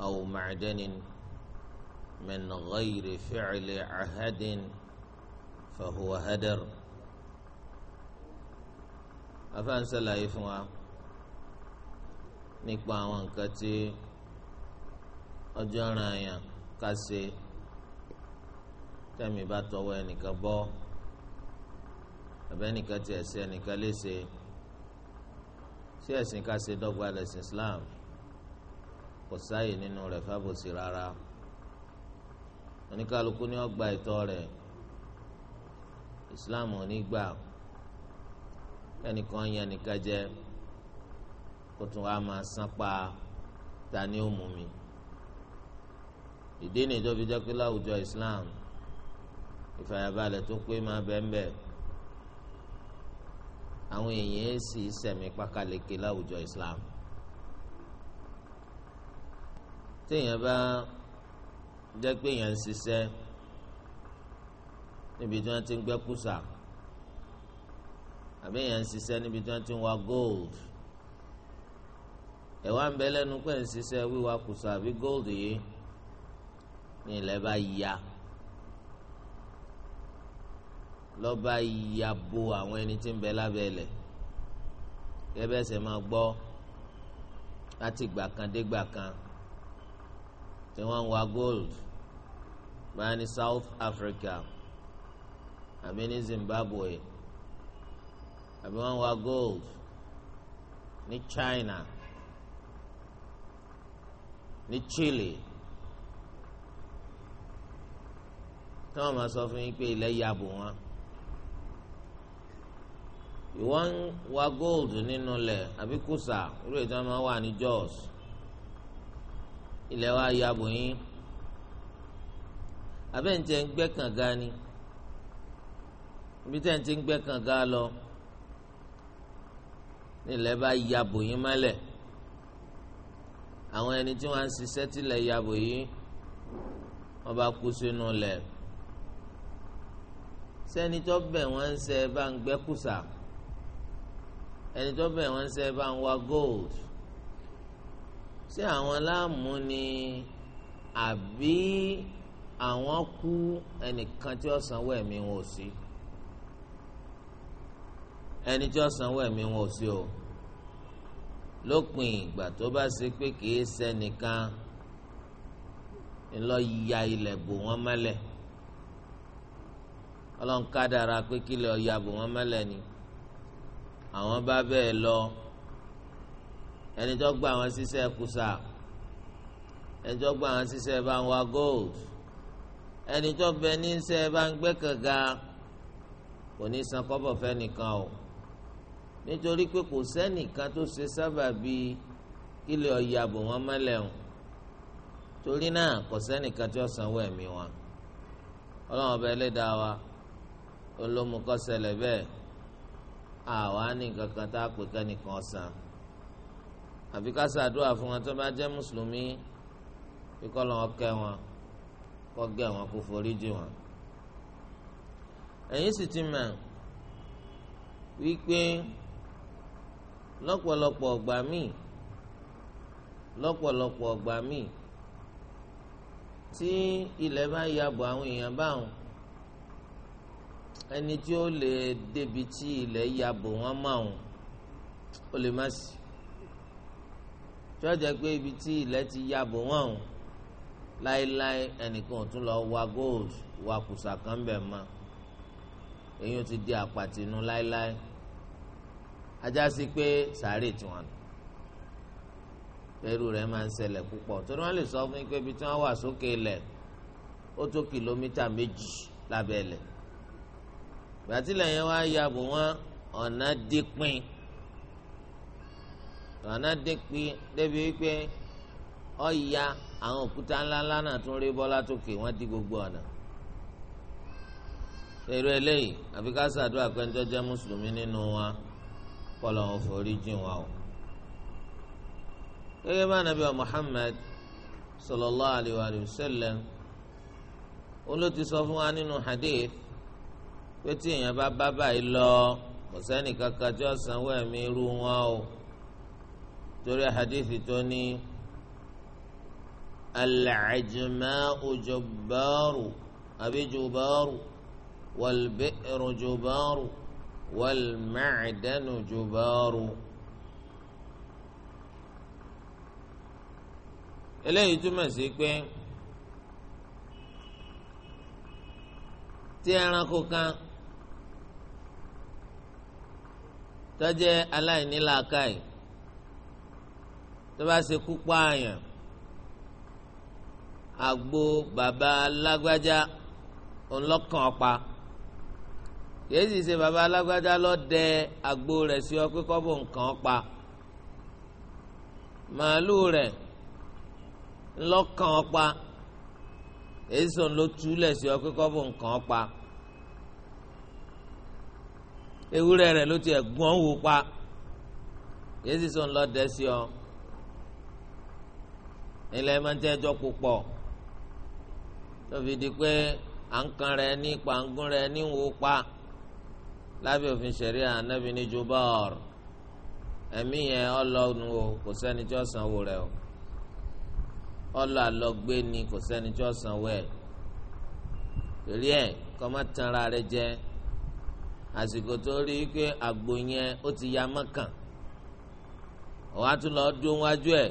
أو معدن من غير فعل عهد فهو هدر afaan ṣàlàyé fún wa nípa àwọn nǹkan tí ọjọ́ ara yàn ká ṣe tẹ̀mí bá tọwọ́ ẹnìkan bọ́ àbẹ́nìkan tí ẹ̀sìn ẹnìkan léṣe sí ẹ̀sìn ká ṣe dọ́gba lẹ́sìn Islam kò sáàyè nínú rẹ̀ fábòsí rárá oníkálukú ni ó gba ìtọ́ rẹ̀ islam ò ní gbà ẹnìkan yẹn nìkan jẹ kó tún wàá máa sánpa ta ni ó mú mi ìdí ni ìjọba ìjọba láwùjọ islam ìfàyàbalẹ̀ tó pé máa bẹ́ẹ̀ àwọn èèyàn sì sẹ̀mí pákáleke láwùjọ islam. téèyàn bá jẹ́ pé èèyàn ń ṣiṣẹ́ níbi tí wọ́n ti ń gbẹ́ kùsà àbí èèyàn ń ṣiṣẹ́ níbi tí wọ́n ti ń wa gold ẹ̀wá ń bẹ lẹ́nu pé ń ṣiṣẹ́ wíwa kùsà àbí gold yìí ní ilẹ̀ bá ya lọ́ba ya bo àwọn ẹni tí ń bẹ lábẹ́ gẹ́gẹ́ bẹ́ẹ̀ sẹ́ máa gbọ́ láti gbà kan dé gbà kan tí wọ́n ń wa gold báyìí ní South Africa àbí ní Zimbabwe àbí wọ́n ń wa gold ní China ní Chile tí wọ́n máa sọ fún yín pé ilẹ̀ ya bò wọ́n ìwọ́n ń wa gold nínú ilẹ̀ àbí kùsà irú ètò wọn máa wà ní Jos ilẹ̀ wa ya bò yín abẹ́ǹtẹ̀ ń gbẹ́ kànga ni ibi tẹ́ǹtì ń gbẹ́ kànga lọ nílẹ̀ bá ya bò yín mọ́lẹ̀ àwọn ẹni tí wọ́n á ṣiṣẹ́ tilẹ̀ ya bò yín wọ́n bá kú sínú lẹ̀ sẹ́ni tó bẹ̀ wọ́n ń ṣe bá ń gbẹ́ kùsà ẹni tó bẹ̀ wọ́n ń ṣe bá ń wá gold ṣé àwọn láàmú ni àbí àwọn kú ẹnìkan tí ó sanwó ẹ̀mí wọn ò sí ẹni tí ó sanwó ẹ̀mí wọn ò sí o lópin ìgbà tó bá ṣe pé kìí ṣẹnìkan ńlọ ya ilẹ̀ bò wọ́n mọ́lẹ̀ ọlọ́nkádàra pé kílẹ̀ ọ̀ya bò wọ́n mọ́lẹ̀ ni àwọn bá bẹ́ẹ̀ lọ ẹni tó gba àwọn ṣiṣẹ́ kùsà ẹni tó gba àwọn ṣiṣẹ́ bá ń wa gold ẹni tó bẹ ní ṣe bá ń gbé kànga kò ní san kọ́bọ̀ fẹ́ nìkan o nítorí pé kò sẹ́nìkan tó ṣe sábà bíi kílẹ̀ ọ̀yà bò wọ́n mọ́lẹ̀ o torí náà kò sẹ́nìkan tí ó sanwó ẹ̀mí wọn ọlọ́run ọba ẹlẹ́dàá wa olómukọ́sẹ̀lẹ̀ bẹ́ẹ̀ àwa ní kankan tá a pè kẹ́nìkan san àfi ká ṣàdúrà fún wọn tó bá jẹ́ mùsùlùmí kíkọ́ lọ́wọ́ kẹ́ wọn kọ́ gẹ̀ wọn kó forí jì wọn. ẹ̀yin sì ti mọ̀ wípé lọ́pọ̀lọpọ̀ ọgbà míì lọ́pọ̀lọpọ̀ ọgbà míì tí ilẹ̀ bá yabọ̀ àwọn èèyàn báwọn ẹni tí ó lè débi tí ilẹ̀ yabọ̀ wọn máa wọn ó lè má sí tí wọ́n jẹ́ pé ibi tí ilẹ̀ ti ya bò wọ́n o láéláé ẹnìkan ò tún lọ wa gold wa kùsà kan bẹ̀ mọ́ èyí ti di àpàtì inú láéláé ajá sí pé sàárè tiwọn nù pẹ̀lú rẹ̀ máa ń ṣẹlẹ̀ púpọ̀ torí wọ́n lè sọ fún yín pé ibi tí wọ́n wà sókè ilẹ̀ ó tó kìlómítà méjì lábẹ́ ilẹ̀ gbàtílẹ̀ yẹn wá ya bò wọ́n ọ̀nà dípin rànà dẹ́pi débi wípé ọ̀ya àwọn òkúta ńláńlá náà tún rí bọ́lá tókè wọ́n di gbogbo ọ̀nà èrò eléyìí àfi ká ṣàdúrà pé ẹnjọ́ jẹ́ mùsùlùmí nínú wa kọ́lọ̀ wọn forí jìn wa o. gẹ́gẹ́ bá nàbí Muhammad sallallahu alayhi wa sallam olóòtú sọ fún wa nínú hadith pé tí èèyàn bá bá báyìí lọ kò sẹ́ni kankan tí ó sanwó ẹ̀mí irú wọn o torí hadithi tó ní al-ajma'u jubbaru àbí jubbaru wal-bi'ru jubbaru wal-ma'danu jubbaru. eléyìí túmọ̀ sí pé tí ẹranko kan tó jẹ́ aláìníláàkáì tó bá ṣe kú pààyàn àgbo bàbá alágbájá ọlọ́kàn ọ̀pá kìí sì ṣe bàbá alágbájá lọ dẹ àgbo rẹ̀ sí ọ pé kọ́bọ̀ nǹkan ọ̀pá màálù rẹ̀ ńlọ́kàn ọ̀pá èyí sọ̀n ló túlẹ̀ sí ọ pé kọ́bọ̀ nǹkan ọ̀pá ewúrẹ́ rẹ̀ ló tiẹ̀ gún ọ́ wò pa èyí sì sọ̀n dẹ́ sí ọ ilẹ̀ máa ń tẹ́jọ́ púpọ̀ tóbi di pé à ń kan rẹ ní pàǹgùn rẹ ní wò pa lábẹ́ òfin ṣẹ̀ríà ànábì ní jubọ́ọ̀rù ẹ̀mí yẹn ọlọ́nu o kò sẹ́ni tí ó sanwó rẹ o ọlọ́ àlọ́gbé ni kò sẹ́ni tí ó sanwó ẹ̀ torí ẹ̀ kọ́ má tanra rẹ jẹ àsìkò tó rí i pé àgbo yẹn ó ti ya mọ́kàn òun tún lọ́ọ́ dún wájú ẹ̀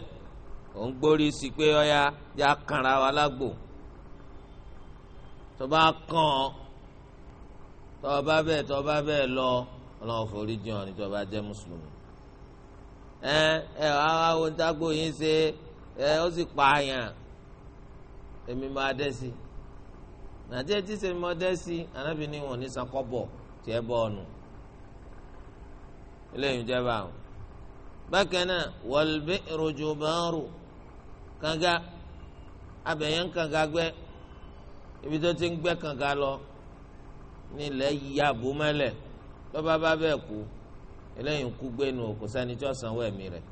òun gbórí sí pé ọyá yá kanra wa lágbo tó bá kàn ọ́ tó o bá bẹ́ẹ̀ tó o bá bẹ́ẹ̀ lọ ọlọ́run forí jìn ọ́ ní tó o bá jẹ́ mùsùlùmí ẹ ẹ wàá wo ní tágbó yín ṣe ẹ ó sì pààyàn èmi máa dẹ́ sí i ẹtí sèmi mọ dẹ́sí anábì ní wọn ní sakọ́bọ̀ tí ẹ bọ́ ọ̀nù eléyìí jẹ́ bákan náà wal bi'ru jubaru Kanga, abẹ̀yẹn kànga gbẹ́ ibi tó ti ń gbẹ́ kànga lọ nílẹ̀ ya bò mẹ́lẹ̀ lọ́ba bá bẹ́ẹ̀ kú eléyìí ń kú gbénu kò sẹ́ni tí wọ́n sanwó ẹ̀mí rẹ̀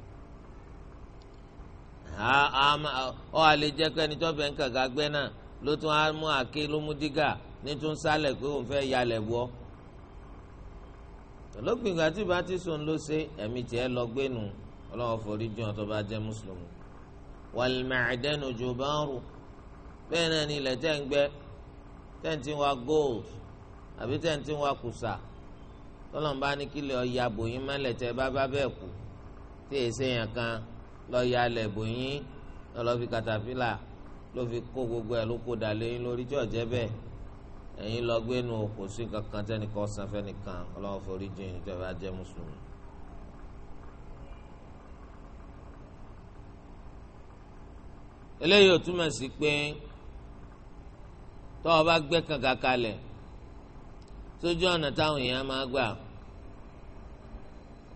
ọ àlè jẹ́ pé ẹni tó bẹ̀ ń kànga gbẹ́ náà ló tún á mú àké ló mú dígà ní tún sálẹ̀ pé òun fẹ́ yalẹ̀ wọ́ olókùnrin àti ìbá ti sùn ló ṣe ẹ̀mí tiẹ̀ lọ gbénu ọlọ́wọ́ forí jìn ọ́ bá jẹ́ mùsùlùmí wàlmàdánù jùbọ́nrù bẹ́ẹ̀ náà ni ilẹ̀ tẹ́ ń gbẹ́ tẹ́ ń ti wá gold àbí tẹ́ ń ti wá kùsà tọ́lọ́mbà ní kí lè ọ̀ya bòyín mẹ́lẹ̀ tẹ́ bá bá bẹ́ẹ̀ kú tí èsè yẹn kan lọ́ọ̀ya lẹ̀ bòyín lọ́ọ́ fi katapila ló fi kó gbogbo ẹ̀ ló kó dàlẹ́yìn lórí tí ọ̀jẹ́ bẹ́ẹ̀ ẹ̀yin lọ kò sí kankan tẹ́nìkan sanfẹ́ nìkan ọlọ́wọ́ forí jìn ìjọba jẹ́ mùsùlùmí. eléyìí otu túmọ̀ sí pé tọ́ ọ bá gbẹ́ kànga kalẹ̀ sójú ọ̀nà táwọn èèyàn máa gbà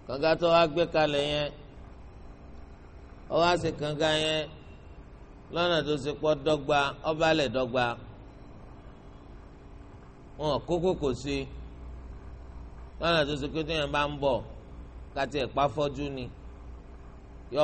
Kanga tó wá gbẹ́ kalẹ̀ yẹn ọ wá sí kànga yẹn lọ́nà tó ṣe pọ̀ dọ́gba ọba dọ́gba wọn kókó kò sí lọ́nà tó ṣe pé téèyàn bá ń bọ̀ kàtí ẹ̀ pa ni yọ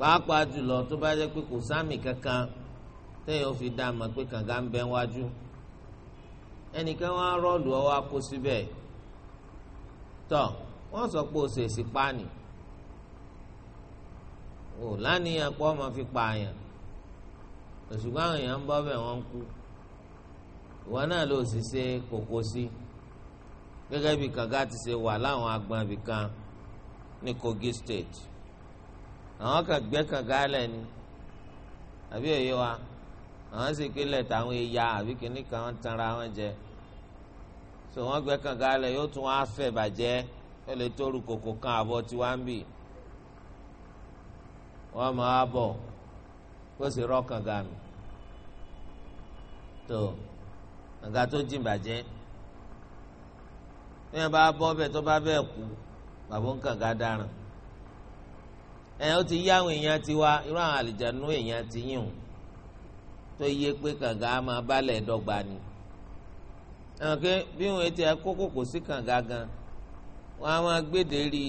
pàápàá jùlọ tó bá jẹ́ pé kò sáàmì kankan téèyàn fi dá mọ̀ pé kànga ń bẹ wájú ẹnìkan wọn rọọlù ọwọ́ akó síbẹ̀ tọ wọ́n sọ pé o ṣèṣì paani o lánìyàn pọ ọmọ fi pààyàn òṣùgbọ́n àwọn èèyàn ń bọ́ bẹ̀ wọ́n ń kú ìwọ náà ló sì ṣe kókó sí gẹ́gẹ́ bí kànga ti ṣe wà láwọn agbọn ibìkan ní Kogi State. àwọn kan gbẹ́ kànga lẹ̀ ni àbí òye wa àwọn sì kílẹ̀ táwọn ẹ̀yà àbí kìnnì kan wọ́n tanra wọn jẹ so wọn gbẹ́ kànga lẹ̀ yóò tún wọ́n á fẹ̀ bàjẹ́ ó lè tóru kòkò kan àbọ̀ tí Wọn á bì wọ́n máa bọ̀ kó sì rọ́ kànga mi tó kànga tó jìn bàjẹ́ ní ẹ bá bọ́ bẹ́ẹ̀ tó bá bẹ́ẹ̀ kú bàbá ń kànga dáràn. ẹ̀ ó ti yí àwọn èèyàn tiwa irú àwọn àlìjánu èèyàn ti yín o tó yẹ pé kànga á máa bálẹ̀ dọ́gba ni àwọn ké bí wọn ti kó kòkò sí kànga gan wọn á máa gbèdè rí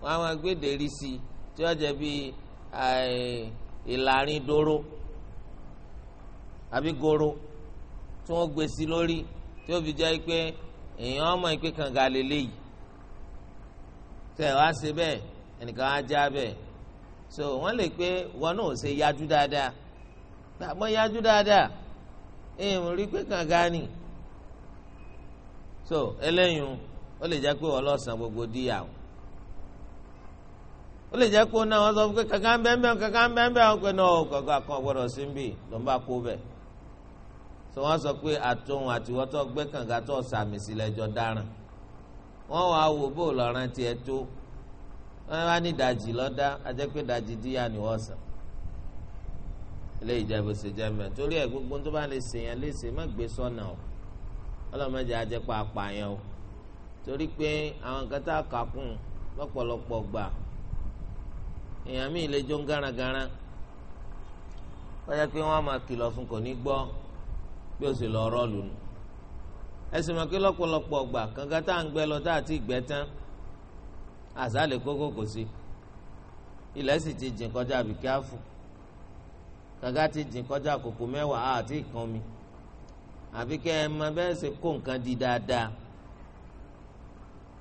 wọn á máa gbèdè rí sí tí wọn jẹ bí ìlàrin dóró àbí goro tí wọn gbé sí lórí tí ó fi jẹ́ pé èèyàn ọmọ ìpè kànga lélẹ́yìí tẹ̀ wá sí bẹ́ẹ̀ ẹnìkan á já bẹ́ẹ̀ so wọ́n lè pé wọn náà ṣe yájú dáadáa gbàgbọ́ yájú dáadáa èèyàn rí pé kanga ni so eléyìí ó lè jẹ́ pé ọlọ́sàn gbogbo díyà o ó lè jẹ́ pé náà wọ́n sọ pé bẹ́ẹ̀ so wọ́n sọ pé àtòhun àtiwọ́tọ́ gbé tó sàmì sílẹ̀ jọ dáràn wọ́n wàá wò bó tiẹ̀ tó wọn wá ní ìdajì lọ́dá ajẹ́ pé ìdajì díyà ni wọ́n sàn ilé ìjẹ́bù sì jẹ́ mẹ́ torí ẹ̀ gbogbo tó bá lè ṣèyàn lè ṣe má gbé sọ́nà o ọlọ́mọdé ajẹ́ pa apààyàn o torí pé àwọn kan tá a kà kún lọ́pọ̀lọpọ̀ gbà èèyàn míì lè jó ń wọ́n yẹ pé wọ́n máa kìlọ̀ fún kò ní gbọ́ bí o sì lọ rọ́ọ̀lù nù ẹ̀sìn mọ̀ pé lọ́pọ̀lọpọ̀ gbà kànga tá à ń gbẹ lọ tá à ti gbẹ tán àṣà lè kókó kò sí ilẹ̀ sì ti jìn kọjá àbí kíáfù kàkà ti jìn kọjá kòkò mẹ́wàá àti ìkan mi àbí kẹ́ ẹ máa bẹ́ẹ̀ ṣe kó nǹkan di dáadáa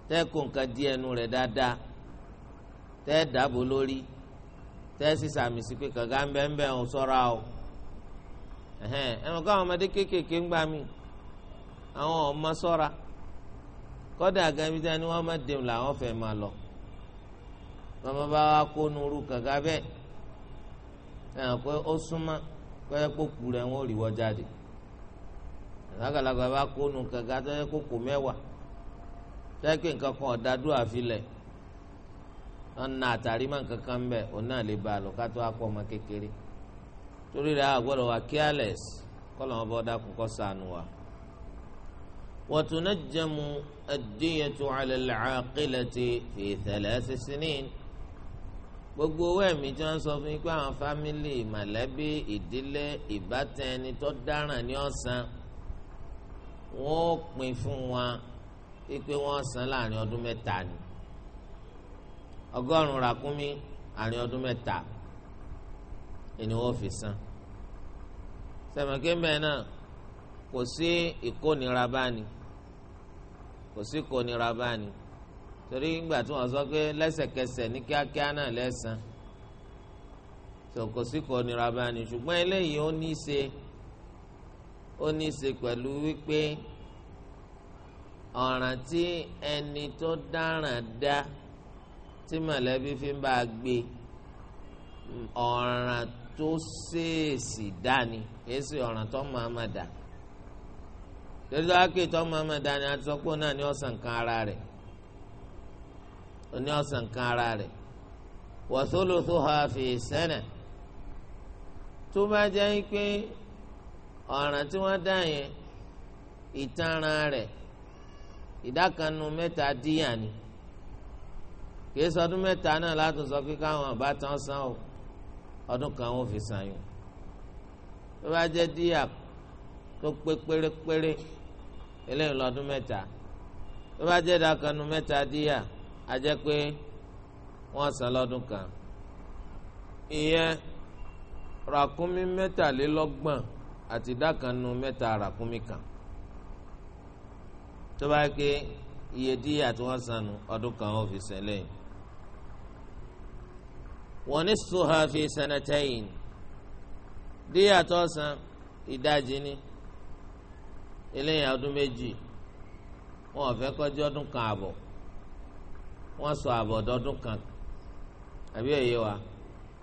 tẹ́ kó nǹkan di ẹnu rẹ̀ dáadáa tẹ́ dàbò lórí tẹ́ sì sàmì sí pé kàkà ń bẹ́ẹ̀ ń bẹ́ẹ̀ ń sọ́ra o ẹnu káwọn ọmọdé kéékèèké ń gbà mí àwọn ọmọ sọ́ra kọ́dà gẹ́gẹ́ bí wọ́n máa dèm làwọn fẹ́ máa lọ bàbá bá wa kó nuru kàga bẹ́ẹ̀ ẹ̀ pé ó súnmọ́ kọ́yẹ́ kó rẹ̀ wọ́n rí jáde àgbàlagbà bá kó nu kàga tó yẹ mẹ́wàá tẹ́ nǹkan kan ọ̀dà dúró àfilẹ̀ ọ̀nà àtàrí máa nǹkan kan bẹ̀ òun náà lè ba àlọ́ kátó akọ ọmọ kékeré torí rẹ̀ àgbọ̀dọ̀ wa careless kọ́lọ̀ wọn bọ́ dákun kọ́ sànù wa. وتنجم الدية على العاقلة في ثلاث سنين gbogbo owó ẹ̀mí tí wọ́n sọ fún yín pé àwọn fámìlì mọ̀lẹ́bí ìdílé ìbátan ẹni tó dáràn ní ọ̀sán wọ́n ó pín fún wọn pé wọ́n san láàrin ọdún mẹ́ta ni ọgọ́rùn-ún ràkúnmí àrin ọdún mẹ́ta ni wọ́n fi san sẹ̀mọ̀kẹ́mẹ́ náà kò sí ìkónira báni kò sí ìkónira báni torí ìgbà tí wọ́n sọ pé lẹ́sẹ̀kẹsẹ̀ ní kíákíá náà lẹ́sàn sòkòsíkò nira bá ní ṣùgbọ́n eléyìí ó ní í ṣe ó ní í ṣe pẹ̀lú wípé ọ̀ràn tí ẹni tó dáràn dá tí mọ̀lẹ́bí fi ń bá a gbé ọ̀ràn tó ṣèèṣì dání èsì ọ̀ràn tó máa ma dà lórí tó wá pé tó máa ma dání àti sọ́kó náà ní ọ̀sán kan ara rẹ̀ oní ọ̀sán kan ara rẹ̀ wathuluthuha fi sana tó bá jẹ́ pé ọ̀ràn tí wọ́n dá yẹn ìtanràn rẹ̀ ìdákanu mẹ́ta díyà ni kìí sọdún mẹ́ta náà látún sọ pé káwọn àbátan san o ọdún kan wọn fi san yìí tó bá jẹ́ díyà tó pé pérépéré eléyìí lọ́dún mẹ́ta tó bá jẹ́ ìdákanu mẹ́ta díyà. a jẹ́ pé wọ́n san lọ́dún kan ìyẹn ràkúnmí mẹ́tàlélọ́gbọ̀n àti dákanu mẹ́ta ràkúnmí kan tó bá yẹ pé iye díyà tí wọ́n sanu ọdún kan ó fi sẹ́lẹ̀ wọ́n ní sùhà fi sẹ́nẹ́tẹ́yìn díyà tó san ìdajì ni eléyìí ọdún méjì wọn ò fẹ́ kọjú ọdún kan àbọ̀. wọ́n sọ àbọ̀dọ́dún kan àbí ẹ̀yẹ wa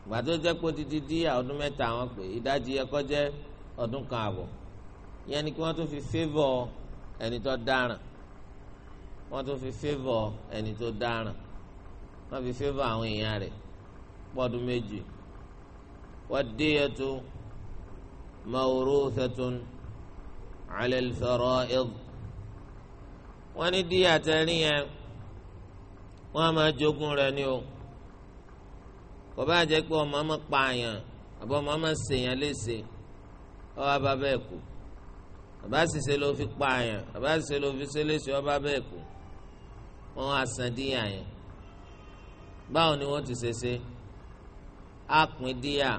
ìgbà tó jẹ́ pé títí dí ọdún mẹ́ta àwọn pé ìdajì ẹ̀kọ́ jẹ́ ọdún kan àbọ̀ ìyẹn ni kí wọ́n tún fi fẹ́vọ̀ ẹni tó dáràn wọ́n tún fi fẹ́vọ̀ ẹni tó dáràn wọ́n fi fẹ́vọ̀ àwọn èèyàn rẹ̀ pọ́dún méjì wọ́n dé ẹ̀tọ́ mawruthatun ala al-fara'id wọ́n ní díyà tẹ́rí yẹn wọ́n á máa jogún rẹ̀ ni o kò bá jẹ́ pé ọmọ ọmọ pààyàn àbọ̀ ọmọ ọmọ ṣèyàn léṣe ọba bá bẹ́ẹ̀ kú bàbá ṣiṣẹ́ ló fi pààyàn bàbá ṣiṣẹ́ ló fi ṣe léṣe ọba bẹ́ẹ̀ kú wọ́n á san díyà yẹn báwo ni wọ́n ti ṣe ṣe á pín díyà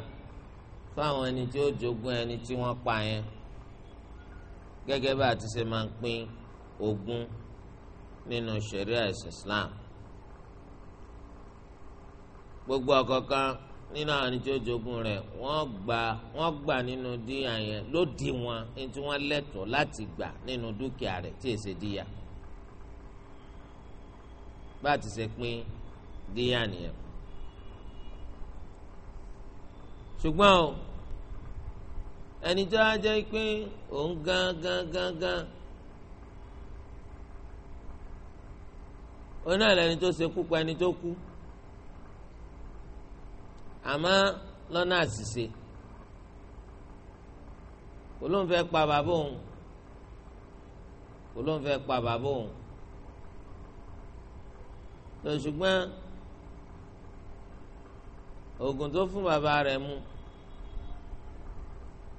fáwọn ẹni tí ó jogún ẹni tí wọ́n pa yẹn gẹ́gẹ́ bá a ti ṣe máa ń pín ogún nínú ṣẹ̀ríà ẹ̀sìn Islam gbogbo ọ̀kọ̀ọ̀kan nínú àwọn ẹni tí ó jogún rẹ̀ wọ́n gbà wọ́n gbà nínú díyà yẹn ló di wọn ẹni tí wọ́n lẹ́tọ̀ọ́ láti gbà nínú dúkìá rẹ̀ tí èsè díyà bá ti ṣe pín díyà nìyẹn. ṣùgbọ́n o ẹni tó á jẹ́ pé òun gan gan gan gan òun náà lẹni tó ṣekú pa ẹni tó kú àmọ́ lọ́nà àṣìṣe olóhùn fẹ́ pa bàbá òun olóhùn fẹ́ pa bàbá òun ṣùgbọ́n oògùn tó fún bàbá rẹ̀ mu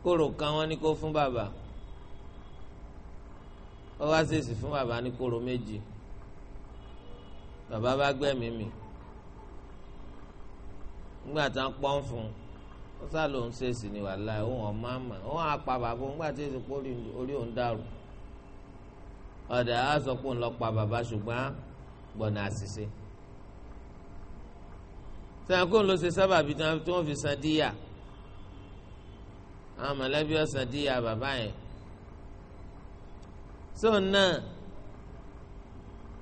kóró kan wọ́n ní kó fún bàbá ó wá ṣèṣì fún bàbá ní kóró méjì bàbá bá gbẹ̀mí mi. mi nígbà tí wọ́n pọ́n fún un ó sá lòun ṣèṣì ni wàhálà òun ọ̀ma mà òun àpá bàbá òun nígbà tí èsì pé orí òun dàrú ọ̀dà á sọ pé òun lọ pa bàbá ṣùgbọ́n gbọ̀nà àṣìṣe sẹ́yìn ló ṣe sábàbí tí wọ́n fi san díyà àwọn mọ̀lẹ́bí ọ̀sán díyà bàbá yẹn so náà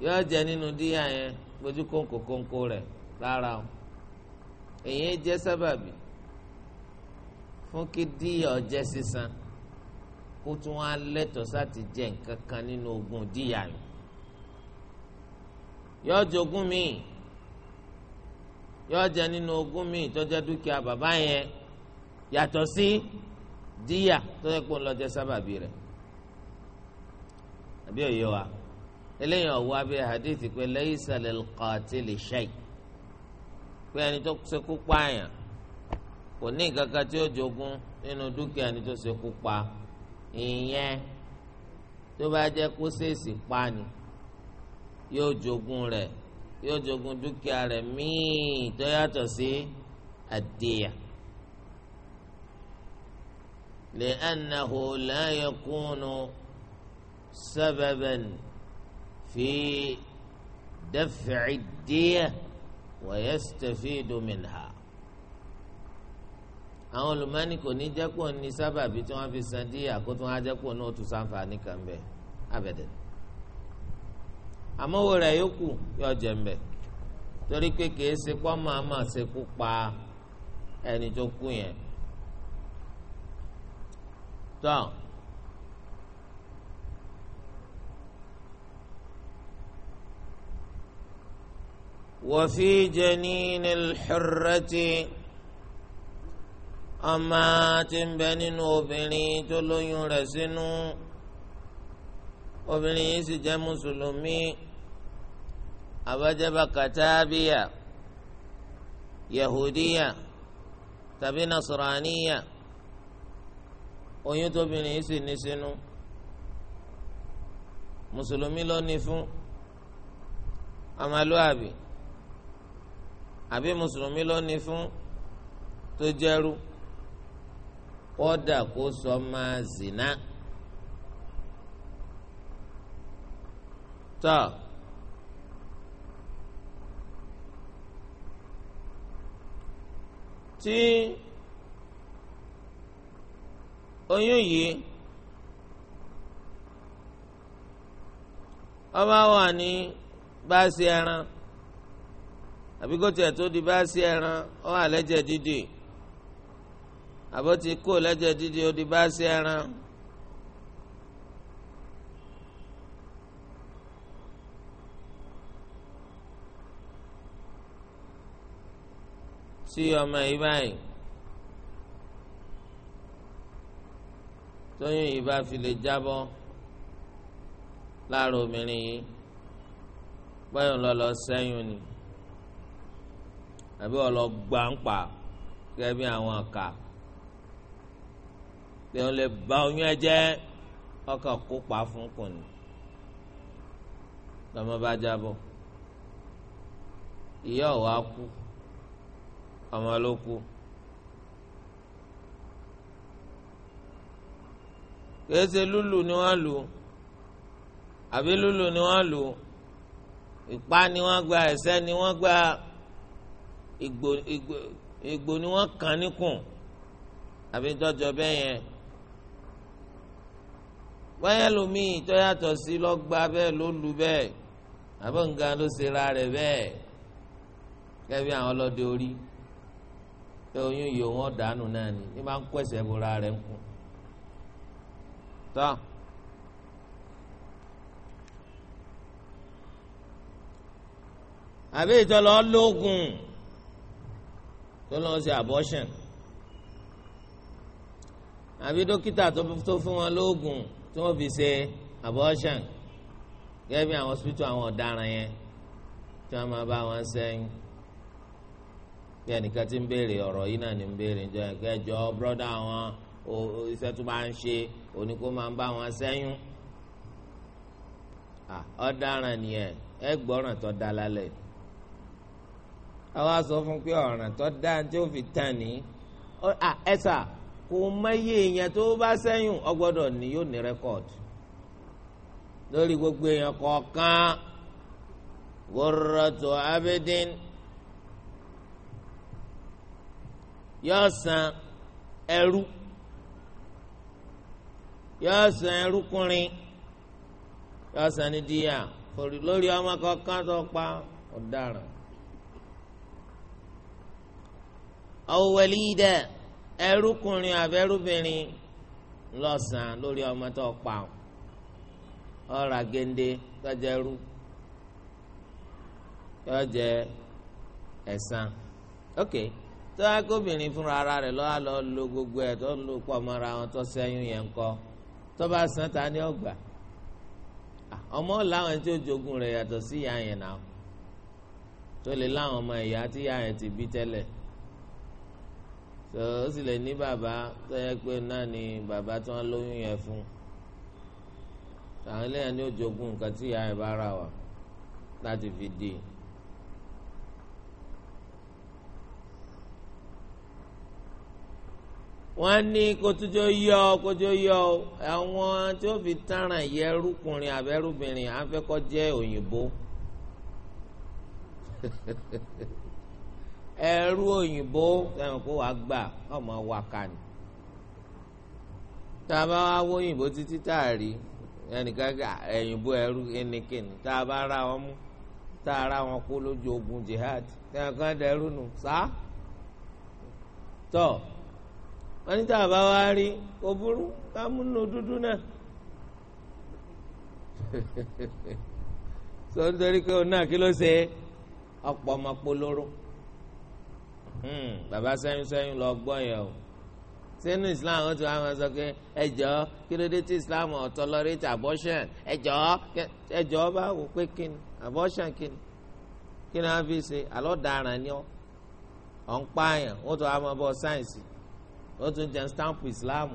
yóò jẹ nínú díyà yẹn gbójú kónkó kónkó rẹ̀ lára o èyí jẹ́ sábàbí fún kí díyà ọjẹ́ sísan kó tún á lẹ́tọ̀ọ́ sáti jẹ nǹkan kan nínú ogún díyà rẹ̀ yọ jogún míì yọ jẹ nínú ogún míì tó dúkìá bàbá yẹn yàtọ̀ sí díyà tó yẹ kó sábàbí rẹ̀ àbí òye wa eléyìí ọ̀wọ́ abẹ́ hadithi pé laysa lil qatili shay' pé ẹni tó ṣekú pààyàn kò ní nǹkan kan tí ó jogún nínú dúkìá ẹni tó ṣekú pa ìyẹn tó bá jẹ́ kó ṣèèṣì pa ni yóò jogún rẹ̀ yóò jogún dúkìá rẹ̀ míì tó yàtọ̀ sí àdìyà. لأنه لا يكون سببا في دفع الدية wa yastafidu minha àwọn olùmọ́ni kò ní jẹ́ pọ̀ ní sábàbí tí wọ́n fi san díyà kó tí wọ́n á jẹ́ pọ̀ náà tún sáǹfààní kan bẹ́ẹ̀ abẹ́dẹ̀ àmọ́wò rẹ̀ yókù yọ jẹ́ ń bẹ̀ torí pé kìí ṣe pọ́ máa máa ṣekú pa ẹni tó kú yẹn tán. So, وفي جنين الحرة ọmọ tí ń bẹ nínú obìnrin tó lóyún rẹ̀ sínú obìnrin yìí sì jẹ́ mùsùlùmí abájábá kàtàbíyà yahudiya tàbí nasaraniya oyún tóbìnrin yìí sì ní sínú mùsùlùmí ló ní fún ọmọlúwàbí àbí mùsùlùmí ló ní fún tó jẹ́rú kódà kó sọ máa zina tó tí oyún yìí ọba wà ní bá ṣe ẹran àbí kó tiẹ̀ tó di bá sí ẹran ó wà lẹ́jẹ̀ dídì àbó ti kó lẹ́jẹ̀ dídì ó di bá sí ẹran. sí ọmọ yìí báyìí tóyún yìí bá fi lè jábọ́ láàárọ̀ obìnrin yìí báyọ̀ lọ́lọ́ sẹ́yìn ni àbí ọlọgbà ń pa gẹ́gẹ́ bí àwọn àkà tí wọ́n lè ba oyún ẹ̀jẹ̀ ọkàn kópa fún kùnì lọ́mọ bá jábọ̀ ìyá ọ̀wá kú ọmọ ló kú. kèése lulu ni wọ́n lù àbí lulu ni wọ́n lù ìpá ni wọ́n gba ẹ̀sẹ̀ ni wọ́n gba. Ẹ̀sẹ̀, ìgbò ìgbò ìgbò ni wọ́n kàn níkùn àbí tọ́jọ bẹ́ẹ̀ yẹn wáyà lómii tó yàtọ̀ sí lọ́gbà bẹ́ẹ̀ ló lu bẹ́ẹ̀ àbọ̀ nǹkan ló ṣe ra rẹ̀ bẹ́ẹ̀ kẹ́bí àwọn ọlọ́dẹ orí pé oyún yìí wọ́n dànù náà ni ní máa ń kó ẹsẹ̀ bora rẹ̀ ń kún àbí ìtọ́lọ́ lóògùn tó lọ́wọ́ ṣe abortion àbí dókítà tó fún wọn lóògùn tí wọ́n fi ṣe abortion gẹ́gẹ́ bí àwọn hospital àwọn ọ̀daràn yẹn tí wọ́n máa bá wọn sẹ́yìn bí ẹnìkan ti ń béèrè ọ̀rọ̀ yìí náà ni ń béèrè jọ ẹ̀kẹ́jọ bọ́dà wọn iṣẹ́ tó máa ń ṣe òní kó máa ń bá wọn sẹ́yìn ọ̀daràn nìyẹn ẹ gbọ́ràn tó dá lálẹ́ yìí àwọn sọ fún pé ọ̀ràn tó dáa tí ó fi tàn ní ẹ̀sà kò mọyé èèyàn tó bá sẹ́yìn ọgbọ́dọ̀ ni yóò ní rẹ́kọ̀dì lórí gbogbo èèyàn kọ̀ọ̀kan gòròtò abidin yóò san ẹrú yóò san ẹrúkùnrin yóò san ní díyà lórí ọmọ kọ̀ọ̀kan tó pa ọ̀daràn. aw walida ẹrúkùnrin àbẹ́rúbìnrin lọ́sàn-án lórí ọmọ tó pa ọ́ ọ̀rà gèdè tọ́jà ẹrú tọ́jà ẹ̀sán ok tó wá kóbìnrin fúnra ara rẹ̀ lọ́wọ́ lọ́ọ́ lo gbogbo ẹ̀ tó ń lo pọ̀ mọ́ra wọn tó sẹ́yìn yẹn kọ́ tó bá san ta ni ọgbà ọmọ làwọn tí ó jogún rẹ̀ yàtọ̀ sí ìyá yẹn náà tó lè láwọn ọmọ ìyá tí ìyá yẹn ti bí tẹ́lẹ̀ ó sì lè ní bàbá tó pé náà ni bàbá tí wọ́n lóyún yẹn fún àwọn eléyàn ní òjògùn nǹkan tí ìyá ẹ̀ bá ra wà láti fi dì í. wọ́n ní kótójó yọ kójó yọ àwọn tí ó fi tàràn yẹ ẹrúkùnrin àbẹ́rúbìnrin àfẹ́kọ́ jẹ́ òyìnbó ẹrú òyìnbó ẹ̀wọ̀n kó wàá gbà ọmọ wa kà ní. tá a bá wá wó òyìnbó títí tá a rí ẹnìkan ẹ̀yìnbó ẹrú ẹnìkìnnì tá a bá ra wọn mú tá a ra wọn kó lójú ogun jihad ẹ̀wọ̀n kan dẹrú nù sá. tọ́ wọ́n ní tá a bá wá rí kò burú ká múnú dúdú náà sọ nítorí pé òun náà kí ló ṣe ọ̀pọ̀ ọmọ polówó. Hmm, bàbá sẹ́yìn sẹ́yìn lọ gbọ́ o sínú islam wọn ti wá wọn sọ pé ẹjọ́ islam ò tolerate abortion ẹjọ́ ẹjọ́ bá wò pé kí ni abortion kí ni kí ni wọ́n fi ṣe àlọ́ daràn ni ọ̀ ń pààyàn wá tún islam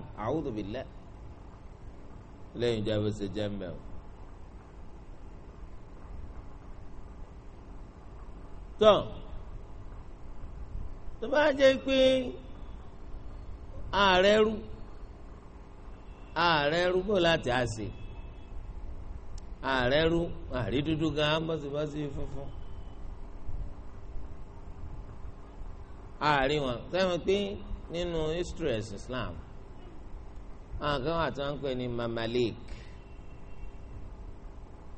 tó bá jẹ́ pé ààrẹ rú ààrẹ rú bó láti àṣe ààrẹ rú àrí dúdú gan bọ́sibọ́sí funfun ààrí wọn sẹ́wọ̀n pé nínú history ẹ̀sìn Islam àwọn kan wà tí wọ́n ń pè ní mamalik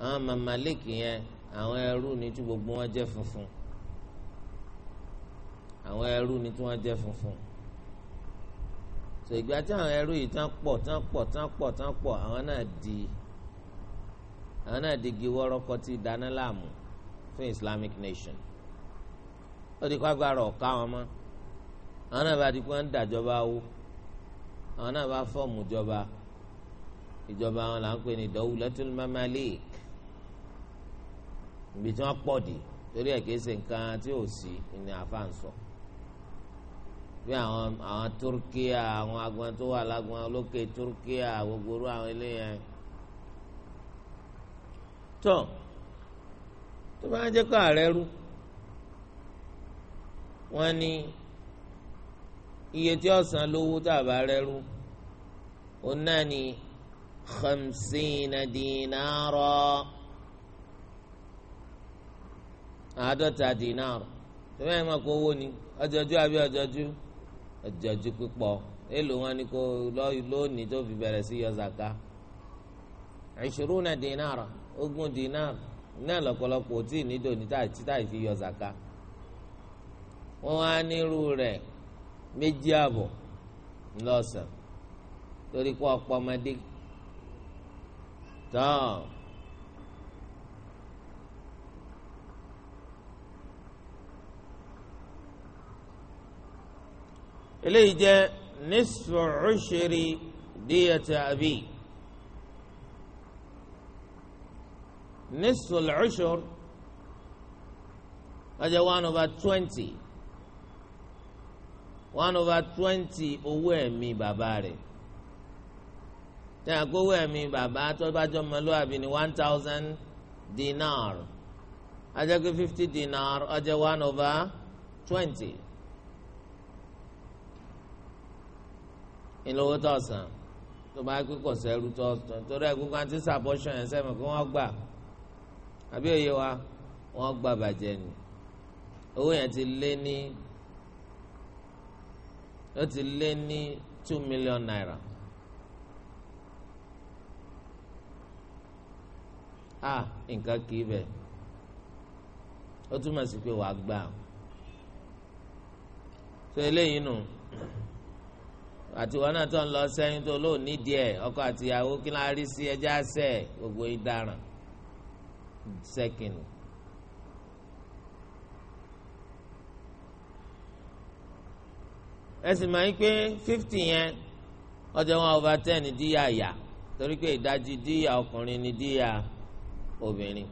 àwọn mamalik yẹn àwọn ẹrú ni tí gbogbo wọn jẹ́ funfun àwọn ẹrú ni tí wọ́n jẹ́ funfun so ìgbà tí àwọn ẹrú yìí tán pọ̀ tán pọ̀ tán pọ̀ tán pọ̀ àwọn náà di àwọn náà di giwọ́rọ́kọ tí dáná láàmú fún Islamic nation ó di kó agbára ọ̀ka wọn mọ́ àwọn náà bá di kó ń dàjọba wó àwọn náà bá fọ́ọ̀mù ìjọba ìjọba wọn là ń pè ní dawlatul mamalik ibi tí wọ́n pọ̀ dé torí ẹ̀ kìí ṣe nǹkan tí ò sí ní àfáà bí àwọn àwọn turkiya àwọn agbọn tó wà lágbọn olókè turkiya gbogbo orú àwọn eléyẹn tó tó bá ń jẹ́ kó ààrẹ rú wọ́n ní iye tí ọ̀sán lówó tàbá rẹ rú òun náà ní khamsina dinara àádọ́ta tó bá yẹn kó owó ni ọjọ́jú àbí ọjọ́jú. ọjọjú pípọ̀ èlò wọn ni kò lónìí tó fi yọzaka. sí yọ zaka náà dínàrà ogún náà lọ́pọ̀lọpọ̀ tí nídò ní táàtì táàtì fi yọ wọn á nírú rẹ̀ méjì àbọ̀ ńlọsàn eléyìí jẹ́ nisfu ushri díyàtà àbí nisfu al-ushr ọjọ́ one over twenty one over twenty owó ẹ̀mí bàbá rẹ̀ tẹ́ àgbówó ẹ̀mí bàbá tó bá jọ ọmọlúwàbí ní one thousand dinar ajẹ́ pé fifty dinar ọjọ́ one over twenty. ìlówó tó san tó bá pé kò sẹ́rù tó san torí ẹ gbogbo àti sàbọ̀ṣọ̀ yẹn sẹ́mi kí wọ́n gbà àbí òye wa wọ́n gbà bàjẹ́ ni owó yẹn ti lé ní ó ti lé ní two million naira. a nǹkan kì í bẹ̀ ó túmọ̀ sí pé wàá gbà so eléyìí nù. No àti wọn náà tó ń lọ sẹ́yìn tó lóò nídìí ẹ̀ ọkọ àtìyàwó kí la rí sí ẹjẹ́ àṣẹ gbogbo ìdaràn sẹ́kìnnì. ẹ sì máa ń pé fifty yẹn ọjọ́ wọn over ten díyà yà torí pé ìdajì díyà ọkùnrin ni díyà obìnrin.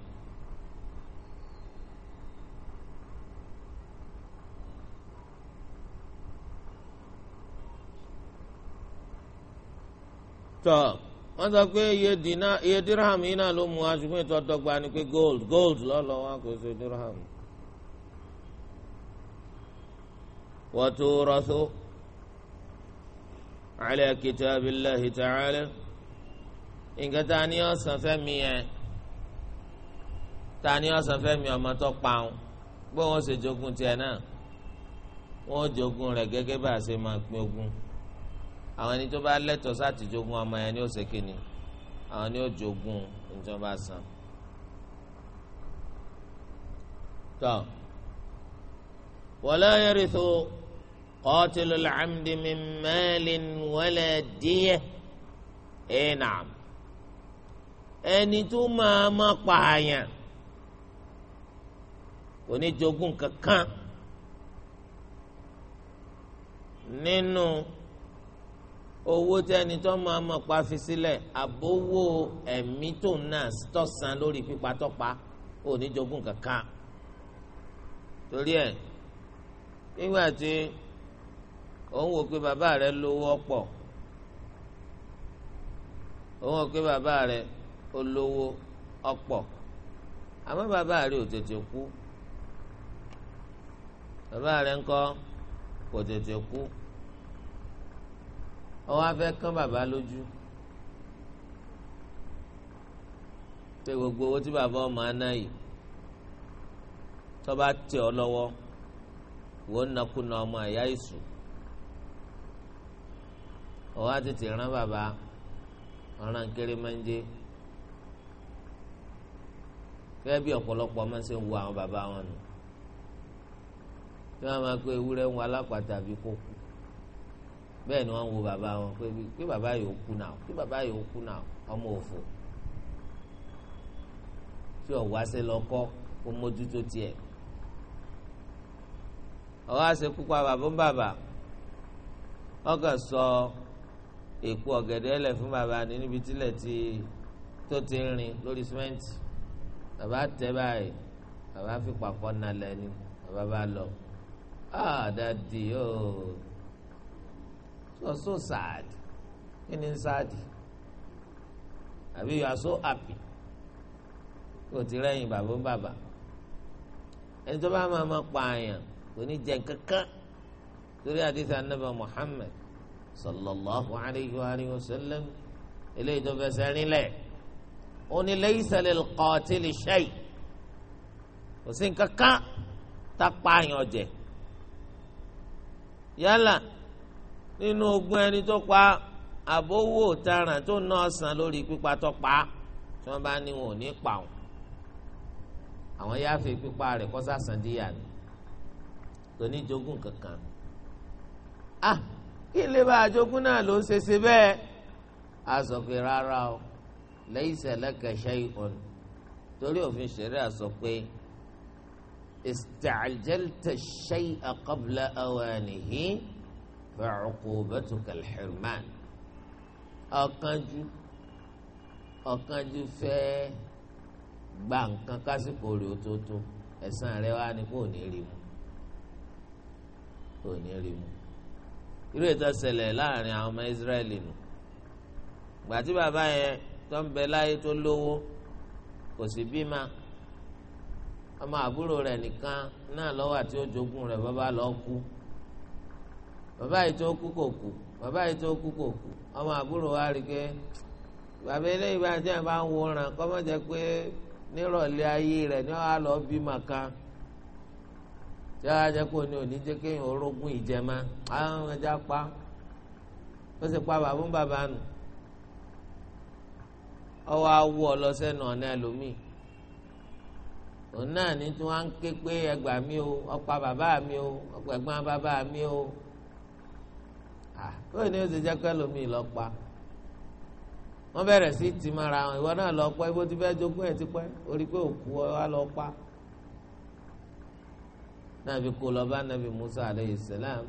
tọ́ wọ́n sọ pé iye dínà iye dirham yìí náà ló mú aṣọ fún ètò ọ̀dọ́gba ni pé gold gold lọ́lọ́ wọn kò so dirham. وتورث على كتاب الله تعالى nǹkan tá a ní ọ̀sán fẹ́mi yẹn tá a ní ọ̀sán fẹ́mi ọmọ tó paun bó wọn ṣe jogún tiẹ̀ náà wọn ò rẹ̀ gẹ́gẹ́ bá a ṣe máa pín ogún àwọn ẹni tó bá lẹ́tọ̀ọ́ sáti jogún ọmọ yẹn ni ó ṣe kíni àwọn ni ó jogún ní tí wọ́n bá san. tọ́ wala yarithu qatilul amdi min malin wala diyah ẹ̀ na'am ẹni tó máa ma pààyàn kò ní jogún kankan nínú. No owó tẹ́ni tó máa mọ̀ pa fi sílẹ̀ àbówó ẹ̀mí tó náà tọ̀sán lórí pípa tọ́pa ò ní jogún kankan torí ẹ̀ nígbà tí òun wò pé bàbá rẹ̀ lówó ọ̀pọ̀ òun wò pé bàbá rẹ̀ olówó ọ̀pọ̀ àmọ́ bàbá rẹ̀ ò tètè kú bàbá rẹ̀ ńkọ́ kò tètè kú ọwọ́ afẹ́ kán bàbá lójú pé gbogbo owó tí bàbá ọmọ aná yìí tọ́ba tẹ̀ ọ́ lọ́wọ́ wọ́n na ọmọ àyà ìsù ọwọ́ àtètè rán bàbá ọ̀ràn kéré máa ń jẹ́ fẹ́ẹ́ bí ọ̀pọ̀lọpọ̀ máa ṣe ń wo àwọn bàbá wọn nù bí wọ́n máa pé ewúrẹ́ ń wọ alápàtà àbí kókó bẹ́ẹ̀ ni wọ́n ń wo bàbá wọn pé pé bàbá yóò kú náà pé bàbá yóò kú náà ọmọ òfò tí ọ̀ wá sí lọ́kọ́ kó mójútó tiẹ̀ ọ̀rọ̀ àṣekú pa bàbá ń bàbá ọkàn sọ èkó ọ̀gẹ̀dẹ̀ lẹ̀ fún bàbá ní níbi tílẹ̀ tí tó ti rìn lórí símẹ́ǹtì bàbá tẹ báyìí bàbá fi pàkọ́ nalẹ̀ ni bàbá bá lọ ah dadi ooo. Oh so so sad kí ni sad àbí you are so happy kò ti rẹ́yìn bàbá bàbá ẹni tó bá máa ma pààyàn kò ní jẹ kankan torí àdìsí anábà Muhammad sallallahu alayhi wa alihi wa sallam eléyìí tó fẹsẹ̀ rinlẹ̀ ó ní laysa lil qatili shay kò sí nǹkan kan tá pààyàn jẹ yálà nínú ogún ẹni tó pa àbówó taràn tó ná ọ̀sán lórí pípa tó pa tí wọ́n bá ní wọn ò ní pa wọn àwọn yááfẹ́ pípa rẹ̀ kọ́ sàṣàn díyà ni kò ní jogún kankan ah kí lè bá àjogún náà ló ń ṣe ṣe bẹ́ẹ̀ rárá o laysa laka shay'un torí òfin ṣẹ̀ríà sọ pé ista'jalta shay'a qabla awanihi fa'uqubatuka al-hirman ọ̀kanjú ọ̀kanjú fẹ́ẹ́ gba nǹkan kásìkò rẹ̀ òtótó ẹ̀san rẹ̀ wá ní kò ní rí mu kò ní rí mu irú ètò ṣẹlẹ̀ láàrin àwọn ọmọ Israẹli nù gbàtí bàbá yẹn tó ń bẹ láyé tó lówó kò sí bímá ọmọ àbúrò rẹ̀ nìkan náà ló wà tí ó bàbá lọ́ọ́ kú. bàbá yìí tó kú kò kú bàbá yìí tó kú kò kú ọmọ àbúrò wa rí i pé bàbá eléyìí bá jẹ́ bá ń wòran kọ́ pé nírọ̀lẹ́ ayé rẹ̀ ni wọ́n á lọ bí màkà tí òní jẹ́ kéèyàn orógùn àwọn ẹja pa ó sì pa bàbá ń bàbá nù ọwọ́ awú ọ lọ sẹ́nu ọ̀nà ẹlòmíì òun náà ní tí wọ́n á pé ẹgbàá mi o ọ̀pá bàbá mi o bàbá mi o ó ní oṣù jẹ́kọ́ lómi ìlọ́pa wọ́n bẹ̀rẹ̀ sí ti mara wọn ìwọ náà lọ́pọ̀ ibo ti fẹ́ jogún ẹ̀ ti pẹ́ orí pé òkú wa Musa aleyhi salam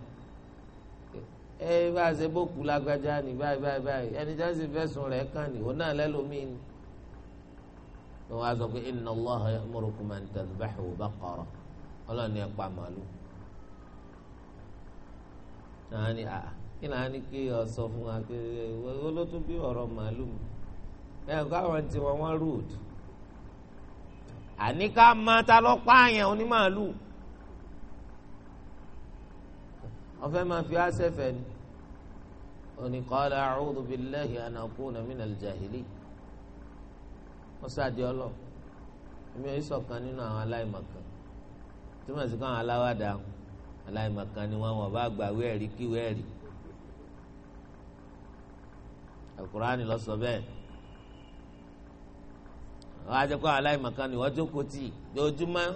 ẹ bá a ṣe bókú lágbájá ni báyìí báyìí báyìí ẹni tí sì fẹ̀sùn rẹ̀ kàn ní òun náà lẹ́lòmíì ni wọ́n sọ pé inna Allaha ya'murukum an ẹ̀ kí náà ní kí ọ̀sọ̀ fún wa pé olótún bí ọ̀rọ̀ màálù mi ẹ̀ kó àwọn tí wọ́n wọ́n rúùd àní ká máa ta lọ pààyàn onímàálù ọ̀fẹ́ máa fi àṣẹfẹ̀ ni oníkọ́lá a'udhu billahi an akuna minal jahili wọ́n sáàdì ọlọ́ èmi ò sọ̀kan nínú àwọn aláìmọ̀kan tí màsíkọ́ àwọn aláwàdà aláìmọ̀kan ni wọ́n wọ́n bá gbàwé ẹ̀rí kíwé ẹ̀rí. alukurani ló sọ bẹ́ẹ̀ wọn á jẹ kó aláìmọ̀kan ni wọn jókòó tì lójúmọ́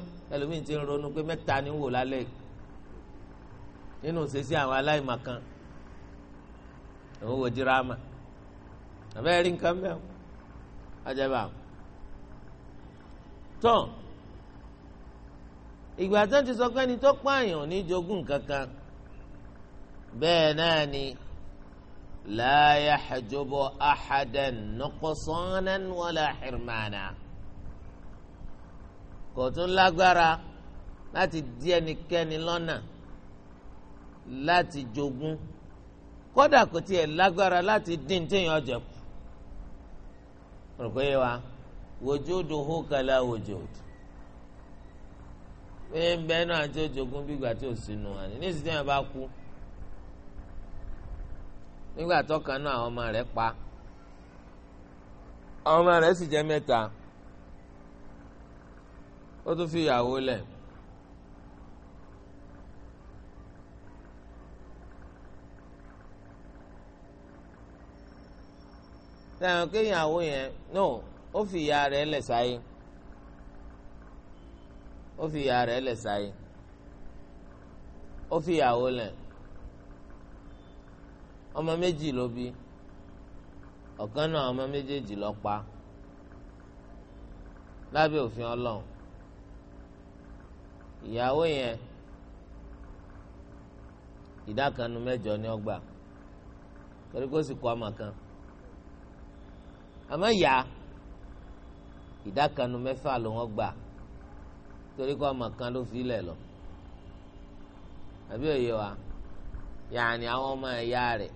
ti ń ronú ni ń wò lálẹ́ nínú sẹsẹ àwọn aláìmọ̀kan òun wò ìgbà tó ti sọ pé ẹni tó pààyàn ní kankan bẹ́ẹ̀ náà ni لا يحجب أحدا نقصانا ولا حرمانا kò tún lágbára láti dí lọ́nà láti jogun kódà kò tiẹ̀ lágbára láti dín téèyàn kù rò pé wa wujuduhu kala tí nígbà tọkàn náà àwọn ọmọ rẹ̀ pa àwọn ọmọ rẹ̀ sì jẹ́ mẹ́ta ó tún fi ìyàwó lẹ̀. sẹ́yìn kéèyàwó yẹn no ó fi ìyá rẹ̀ lẹ̀ sáyé ó fi ìyá rẹ̀ lẹ̀ sáyé ó fi ìyàwó lẹ̀ ọmọ méjì ló bí ọ̀kan náà ọmọ méjèèjì ló pa lábẹ́ òfin ọlọ́run ìyàwó yẹn ìdákanu mẹ́jọ ni ó gbà torí kó sì kọ ọmọ kan àmọ́ ìyá ìdákanu mẹ́fà ló wọ́n gbà torí kó ọmọ kan ló fi lẹ̀ lọ àbí òye wa yàní àwọn ọmọ ẹ̀yà rẹ̀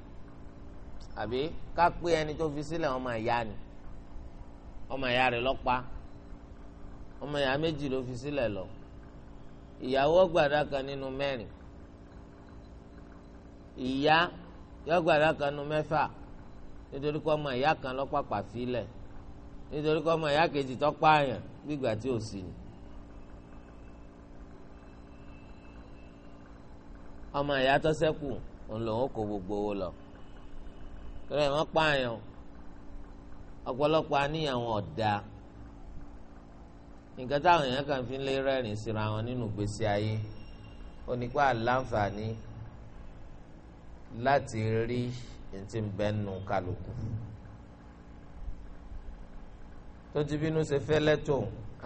àbí ká pé ẹni tó fi sílẹ̀ ọmọ ìyá ni ọmọ ìyá rẹ̀ lọ́pa ọmọ ìyá méjì ló fi sílẹ̀ lọ ìyàwó gbàdá kan nínú mẹ́rin ìyá yọgbàdá kan nínú mẹ́fà nítorí kọ́ ọmọ ìyá kan lọ́pàpà nítorí kọ́ ọmọ ìyá kejì gbígbà tí ò sí ni. ọmọ ìyá sẹ́kù òun lòun gbogbo owó lọ. torí ẹ̀ mọ́ pààyàn ọ̀pọ̀lọpọ̀ àníyàn ọ̀dà nǹkan táwọn èèyàn kàn fi ń lé rẹ́rìn síra wọn nínú ìgbésí ayé ó ní pa àláǹfààní láti rí ntí bẹ́ẹ̀nù kálukú tó ti bínú ṣe fẹ́lẹ́ tó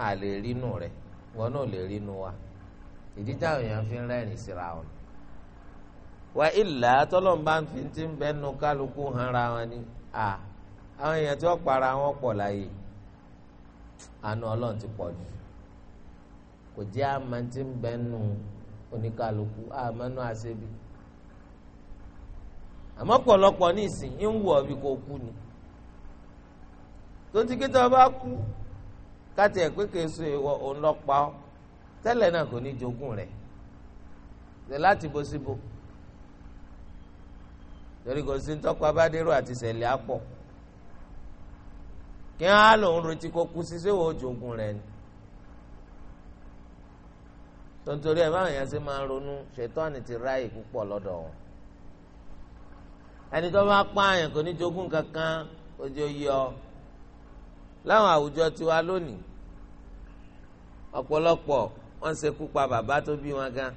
a lè rínú rẹ̀ wọn náà lè rínú wa ìdí táwọn èèyàn fi ń rẹ́rìn síra wọn wà ilà tọ́lọ́n bá ń fi ti ń bẹ́nu kálukú hàn ra wọn ni à àwọn èèyàn tí wọ́n para wọn pọ̀ láàyè àna ọlọ́run ti pọ̀ jù kò jẹ́ àmà ti ń bẹ́nu oníkálukú àmọ́nú àṣebi àmọ́ pọ̀lọpọ̀ ní ìsìn ń wù ọ́ bí kò kú ni tó ti kí tó bá kú káti ẹ̀ pé kèso ìwọ òun lọ́pàá tẹ́lẹ̀ náà kò ní jogún rẹ̀ láti bó síbo. Si torí kò sí tọ́kọ abádéró àti sẹ̀lẹ̀ àpọ̀ kí wọ́n á lòun retí kó kú sí séwò òjòògùn rẹ̀ ni tontorí ẹ̀ báwọn èèyàn ṣe máa ń ronú ṣètọ́ni ti ráàyè púpọ̀ lọ́dọ̀ wọn ẹni tó bá pààyàn kò ní jogún kankan ojú yọ láwọn àwùjọ tiwa lónìí ọ̀pọ̀lọpọ̀ wọ́n ṣekú pa bàbá tó bí wọn gan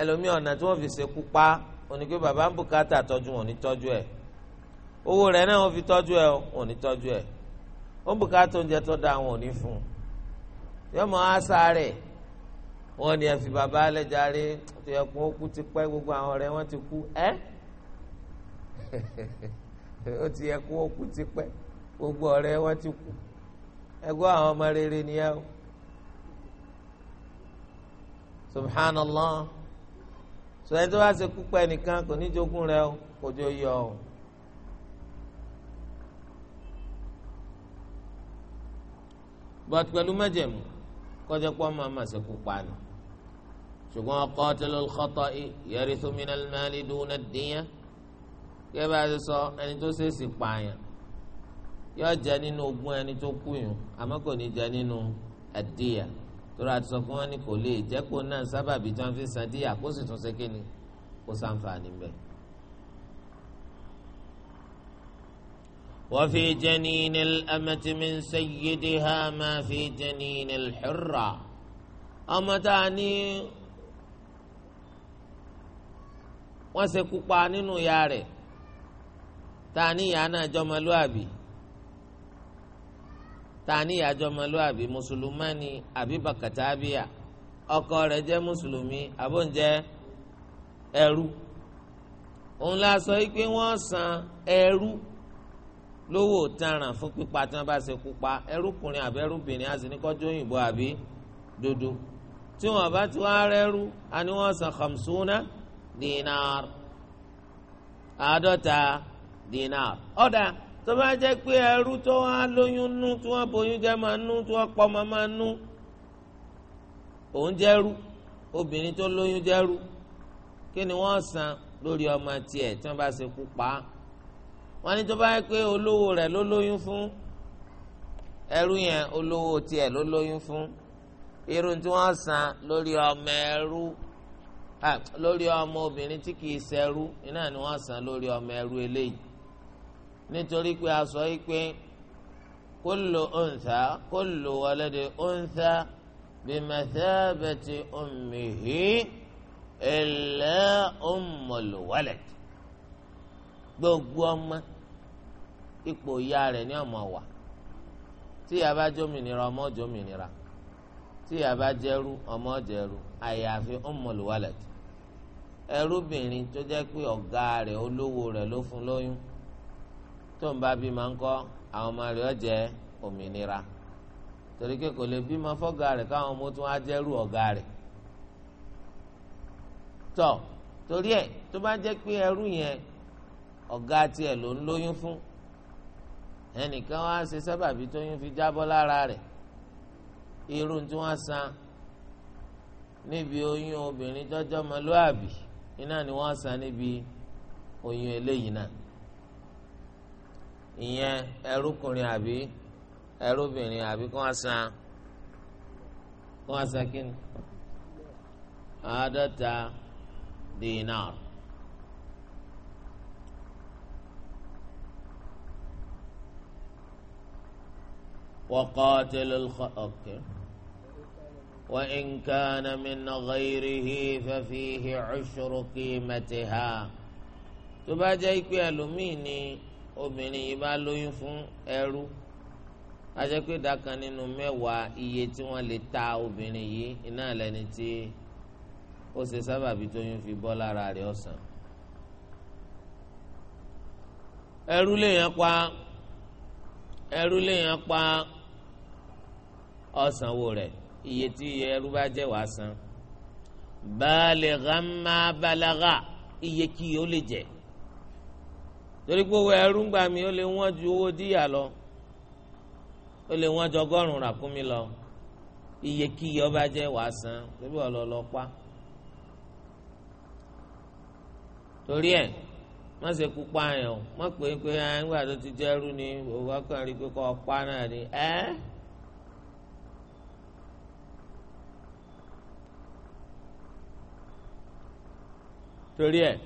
ẹlòmíì ọ̀nà tí wọ́n fi ṣekú pa òní pé bàbá ń bùkátà tọ́jú wọn ní tọ́jú ẹ̀ owó rẹ̀ náà wọ́n fi tọ́jú ẹ̀ wọn ní tọ́jú ẹ̀ ó bùkátà oúnjẹ tó dáa wọn ò ní fún un yọmọ asaare wọn ni ẹfi bàbá alẹjàre tó yẹ kó kú ti pẹ́ gbogbo àwọn ọ̀rẹ́ wọn ti kú ẹ ó ti yẹ kó kú ti pẹ́ gbogbo ọ̀rẹ́ wọn ti kú ẹgbẹ́ àwọn ọmọ rere ni ẹ subhanallah sọ̀rọ̀ tó bá ṣe kú pa ẹnìkan kò ní jogún rẹ o kò jọ yọ o. bọ́t pẹ̀lú mẹ́jẹ̀mú kọjá pọ́ máa ma ṣe kú pa ni. ṣùgbọ́n qatilul khata'i yarithu minal mali duna ad-diya kẹ́ bá ṣe sọ ẹni tó ṣe é sì pààyàn yóò jẹ nínú ogún ẹni tó kú yùn àmọ́ kò ní jẹ nínú ad torí àti sọ fún wọn ni kò lè jẹ́ kó náà sábàbí tí wọ́n fi san díyà kó sì tún ṣe kí ni kó sàǹfààní bẹ́ẹ̀. وفي جنين الأمة من سيدها ما في جنين الحرة ọmọ tá a ní wọ́n ṣekú pa nínú ìyá rẹ̀ tá a ní ìyá náà jọmọlúàbí tani àjọ ọmọlúwàbí mùsùlùmánì àbí bàkàtàbíà ọkọ rẹ̀ jẹ́ mùsùlùmí àbóǹjẹ ẹrú òun la sọ pé wọ́n san ẹrú lówó tanràn fún pípa tí wọ́n bá ṣe kópa ẹrúkùnrin àbí ẹrúbìnrin àti níkọjú òyìnbó àbí dúdú tí wọ́n bá ti wá rẹrú àni wọ́n san khamsuna dinar àádọ́ta dinar ọ̀dà. Oh, tó bá jẹ́ pé ẹrú tó wá lóyún nú tí wọ́n bóyún jẹ́ máa nú tí wọ́n pọ̀ máa máa nú òun jẹ́rú obìnrin tó lóyún jẹ́rú kí ni wọ́n san lórí ọmọ tiẹ̀ tí wọ́n bá ṣe kú pa á wọ́n ní tó bá jẹ́ pé olówó rẹ̀ ló lóyún fún ẹrú yẹn olówó tiẹ̀ ló lóyún fún irun tí wọ́n san lórí ọmọ ẹrú lórí ọmọ obìnrin tí kì í ṣẹrú iná ni wọ́n san lórí ọmọ ẹrú eléyìí nítorí pé a sọ yìí pé kullu untha kullu waladi untha bimathabati ummihi illa ummul walad gbogbo ọmọ ipò ìyá rẹ̀ ní ọmọ wà tí ìyá bá jómìnira ọmọ jómìnira tí ìyá bá jẹrú ọmọ jẹrú àyàfi ummul ẹrúbìnrin tó jẹ́ pé ọ̀gá rẹ̀ olówó rẹ̀ ló fún lóyún tó ń bá bímọ ńkọ́ àwọn ọmọ rẹ̀ ó jẹ́ òmìnira torí pé kò lè bímọ fọ́gà rẹ̀ káwọn ọmọ tún á jẹ́rù ọ̀gá rẹ̀ tọ torí ẹ̀ tó bá jẹ́ pé ẹrú yẹn ọ̀gá tiẹ̀ ló ń lóyún fún ẹnìkan wá ṣe sábàbí tóyún fi jábọ́ lára rẹ̀ irú tí wọ́n san níbi oyún obìnrin tọ́jọ́ mọ́lúàbí iná ni wọ́n san níbi oyún eléyìí náà ìyẹn ẹrúkùnrin àbí ẹrúbìnrin àbí kí wọ́n san kí wọ́n san kí ni àádọ́ta dinar. وقاتل الخ أوكي. وإن كان من غيره ففيه عشر قيمتها تبا جايكو يا لوميني obìnrin yìí bá lóyún fún ẹrú ajẹ́pẹ́ ìdákan nínú mẹ́wàá iye tí wọ́n lè ta obìnrin yìí iná lẹ́ni tí ó ṣe sábàbí tóyún fi bọ́ lára rẹ̀ ọ̀sán. ẹrú lèèyàn pa ẹrú lèèyàn pa ọ̀sánwó rẹ̀ iye tí ẹrú bá jẹ́ wàá san. bàálẹ̀ gàmá balaga iye kí ó lè jẹ́ torí pé owó ẹrú ń gbà mí ó lè wọ́n ju owó díyà lọ ó lè wọ́n ju ọgọ́rùn-ún ràkúnmí lọ iyekíye ọba jẹ́ wàá san torí ọlọlọ pa torí ẹ̀ má ṣe kú pààyàn o má pé pé ẹ̀ńgbà tó ti jẹ́ ẹrú ni òwò akọrin pé kọ́ pa náà ni ẹ́. torí ẹ̀.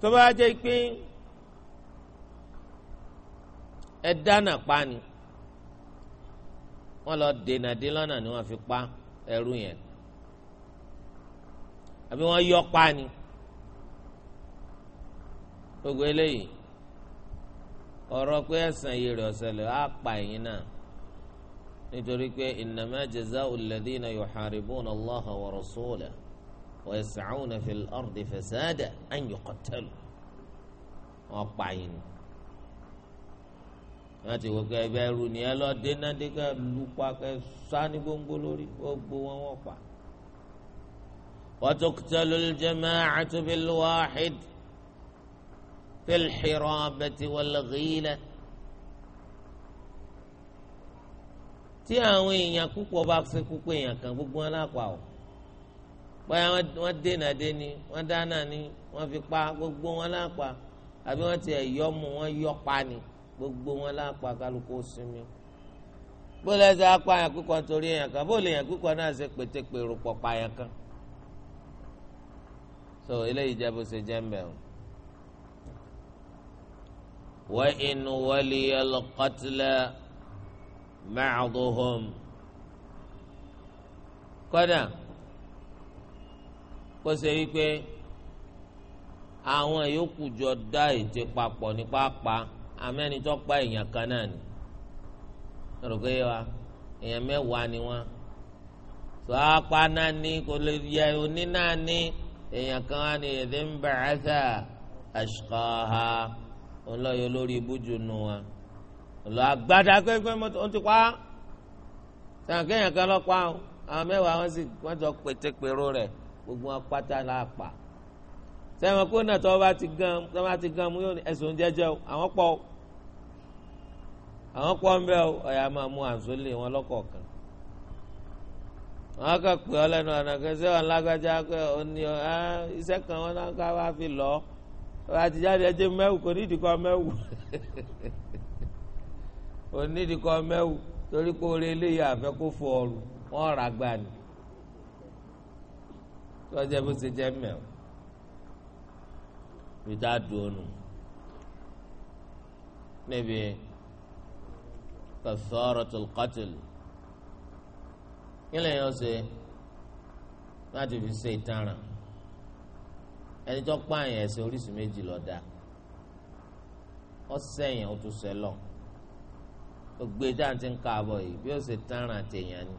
tó bá jẹ́ pé ẹ dáná pa ni wọ́n lọ dènà dé lọ́nà ni wọ́n fi pa ẹrú yẹn àbí wọ́n yọ pa ni gbogbo eléyìí ọ̀rọ̀ pé ẹ̀sán yìí rẹ̀ ọ̀sẹ̀lẹ̀ á pa ẹ̀yin náà nítorí pé innama jaza'u alladhina yuharibuna Allaha wa rasulahu wa yas'una fil ardi fasada an yuqtalu wọ́n pa yín ni wọ́n ti wọ́n kẹ́ ẹbẹ́ ru ni ẹ lọ dénádé kẹ́ lupa sá ní gbóngbó lórí gbogbo wọn wọ́n pa. wa tuqtalul jama'atu bil wahid fil hirabati wal tí àwọn èèyàn púpọ̀ bá ṣekú pé èèyàn kan gbogbo wọn lápá o bóyá wọ́n dènà dèni wọ́n dáná ni wọ́n fi pa gbogbo wọn lápá àbí wọ́n ti ẹ̀yọ́ mu wọ́n yọ́ pa ni gbogbo wọn lápá kálukú sinmi bó lẹ́sẹ̀ apá yẹn kíkọ́ torí yẹn kan bó lè yẹn náà ṣe pétépèrò pọ̀ pa yẹn kan so eléyìí jẹ́ bó ṣe jẹ́ ń bẹ̀ o. wa in waliyal qatla ba'duhum kó ṣe wípé àwọn yòókù jọ dá ète papọ̀ ní pápá amẹ́nitọ́ pa èèyàn kan náà ni wa èèyàn mẹ́wàá ni náà kò lè yẹ oní náà ní èèyàn kan wá ní èdè ń ha lórí ibùjú nu wa ọlọ́ àgbàdá pépé ó ti pa sàn kéèyàn gbogbo wọn pátá la pa sẹ́wọ̀n kó náà tọ́ bá ti gan tọ́ bá ti gan mú yóò ní ẹ̀sùn jẹ́jẹ́ o àwọn pọ̀ o àwọn pọ̀ ń bẹ́ o ọ̀yà máa mú àǹsólè wọn lọ́kọ̀ọ̀kan wọn kàn pé ọ lẹ́nu ọ̀nà sẹ́wọ̀n lágbájá pé ó ní ọ iṣẹ́ kan wọn náà ká wá fi lọ àti jáde ẹjẹ mẹ́wù kò ní ìdíkọ mẹ́wù kò ní ìdíkọ mẹ́wù torí kó o lè léyà àfẹ́ kó fọ ọrùn wọn rà gbani tí wọ́n jẹ́ bó ṣe jẹ́ mẹ́ o bí tá a dùn ún níbi katharatul qatl kílẹ̀ yẹn ṣe láti fi ṣe ìtaràn ẹni tó pààyàn ẹ̀ṣẹ̀ oríṣìí méjì ló ó sẹ́yìn ó tún ṣẹ̀ lọ ògbé dáńtí ń káàbọ̀ yìí bí ó ṣe tán ràn tèèyàn ni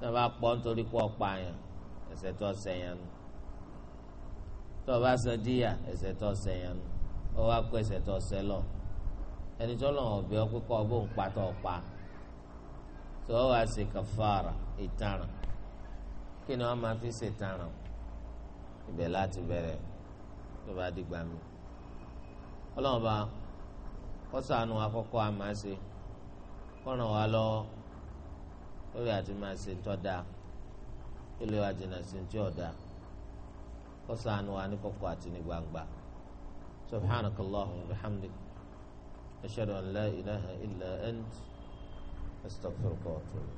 náà bá pọ̀ nítorí pé ọ̀pọ̀ ẹ̀ṣẹ̀ tó sẹyìn nù tó o bá sọ díyà ẹ̀ṣẹ̀ tó sẹyìn nù ó wá kó ẹ̀ṣẹ̀ tó sẹ lọ ẹni tó lọ ọbẹ ọpẹ kọ ọbẹ ọpa tó o wá ṣe kàfàrà ìtaràn kí ni wọn máa fi ṣe taràn ibẹ̀ láti bẹ̀rẹ̀ tó bá di gbàmí ọlọ́run bá kọ́sàánù akọ́kọ́ àmàṣe kọ́ràn wá lọ́wọ́ lórí àti máa ṣe tọ́ da. ilé wa jìnnà sí ti ọ̀dà kó sànù wa ní kọ̀kọ̀ àti ní gbangba subhanaka allahumma wa bihamdik ashhadu an la ilaha illa ant astaghfiruka wa atubu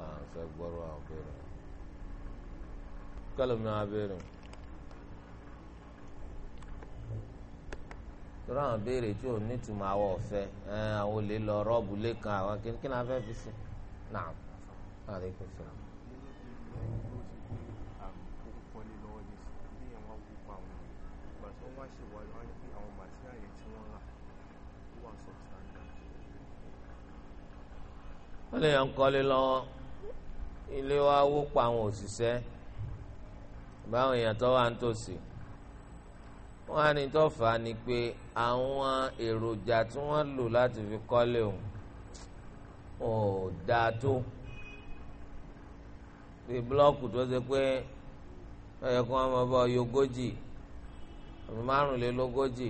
Ah, so gbọ́rọ̀ àwọn kálọ̀ mi a béèrè o. tọ́lá àwọn béèrè tí ò ní ìtumọ̀ àwọ̀ ọ̀fẹ́ àwọn olè lọ rọ́ọ̀bù lẹ́kan àwọn kí náà fẹ́ fi sí náà àlẹ́ kò sí. wọ́n lè yàn kọ́lé lọ́wọ́ ilé wa wó pa àwọn òṣìṣẹ́ báwọn èèyàn tó wà ń tòsí wọn á ní tó fà á ni pé àwọn èròjà tí wọ́n lò láti fi kọ́lé òun ò dáa tó bí búlọ́ọ̀kù tó ṣe pé ẹ̀yẹ kí wọ́n máa bọ yogójì àbí márùnlélógójì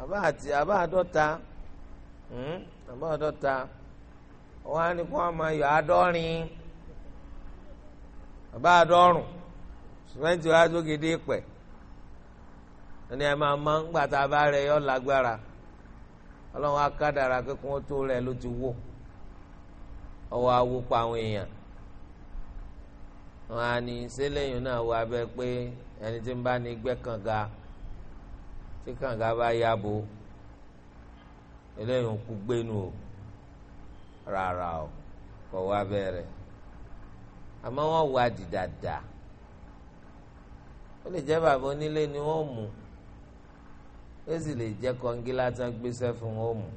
àbá àti àbá àdọ́ta hmm, àbá àdọ́ta wọn á ní kí wọ́n máa yọ àádọ́rin àbá àdọ́rùn-ún sìmẹ́ǹtì wa tó gidi pẹ̀ ẹni ẹ máa mọ ńgbà a bá rẹ yọ lágbára ọlọ́run akádàrà kíkún tó rẹ ló ti wó ọwọ́ awó pa àwọn èèyàn wọn á ní sẹ́lẹ̀yìn náà wọ abẹ́ pé ẹni tí ń bá ní gbẹ́ kànga tí kànga bá yàbò eléyìí kú gbénu o rárá o kọ̀ wá bẹ́ẹ̀ rẹ̀ àmọ́ wọ́n wá di dáadáa ó lè jẹ́ bàbá onílé ni wọ́n mú ó sì lè jẹ́ kọ́ngílá tán gbéṣẹ́ fún wọn mú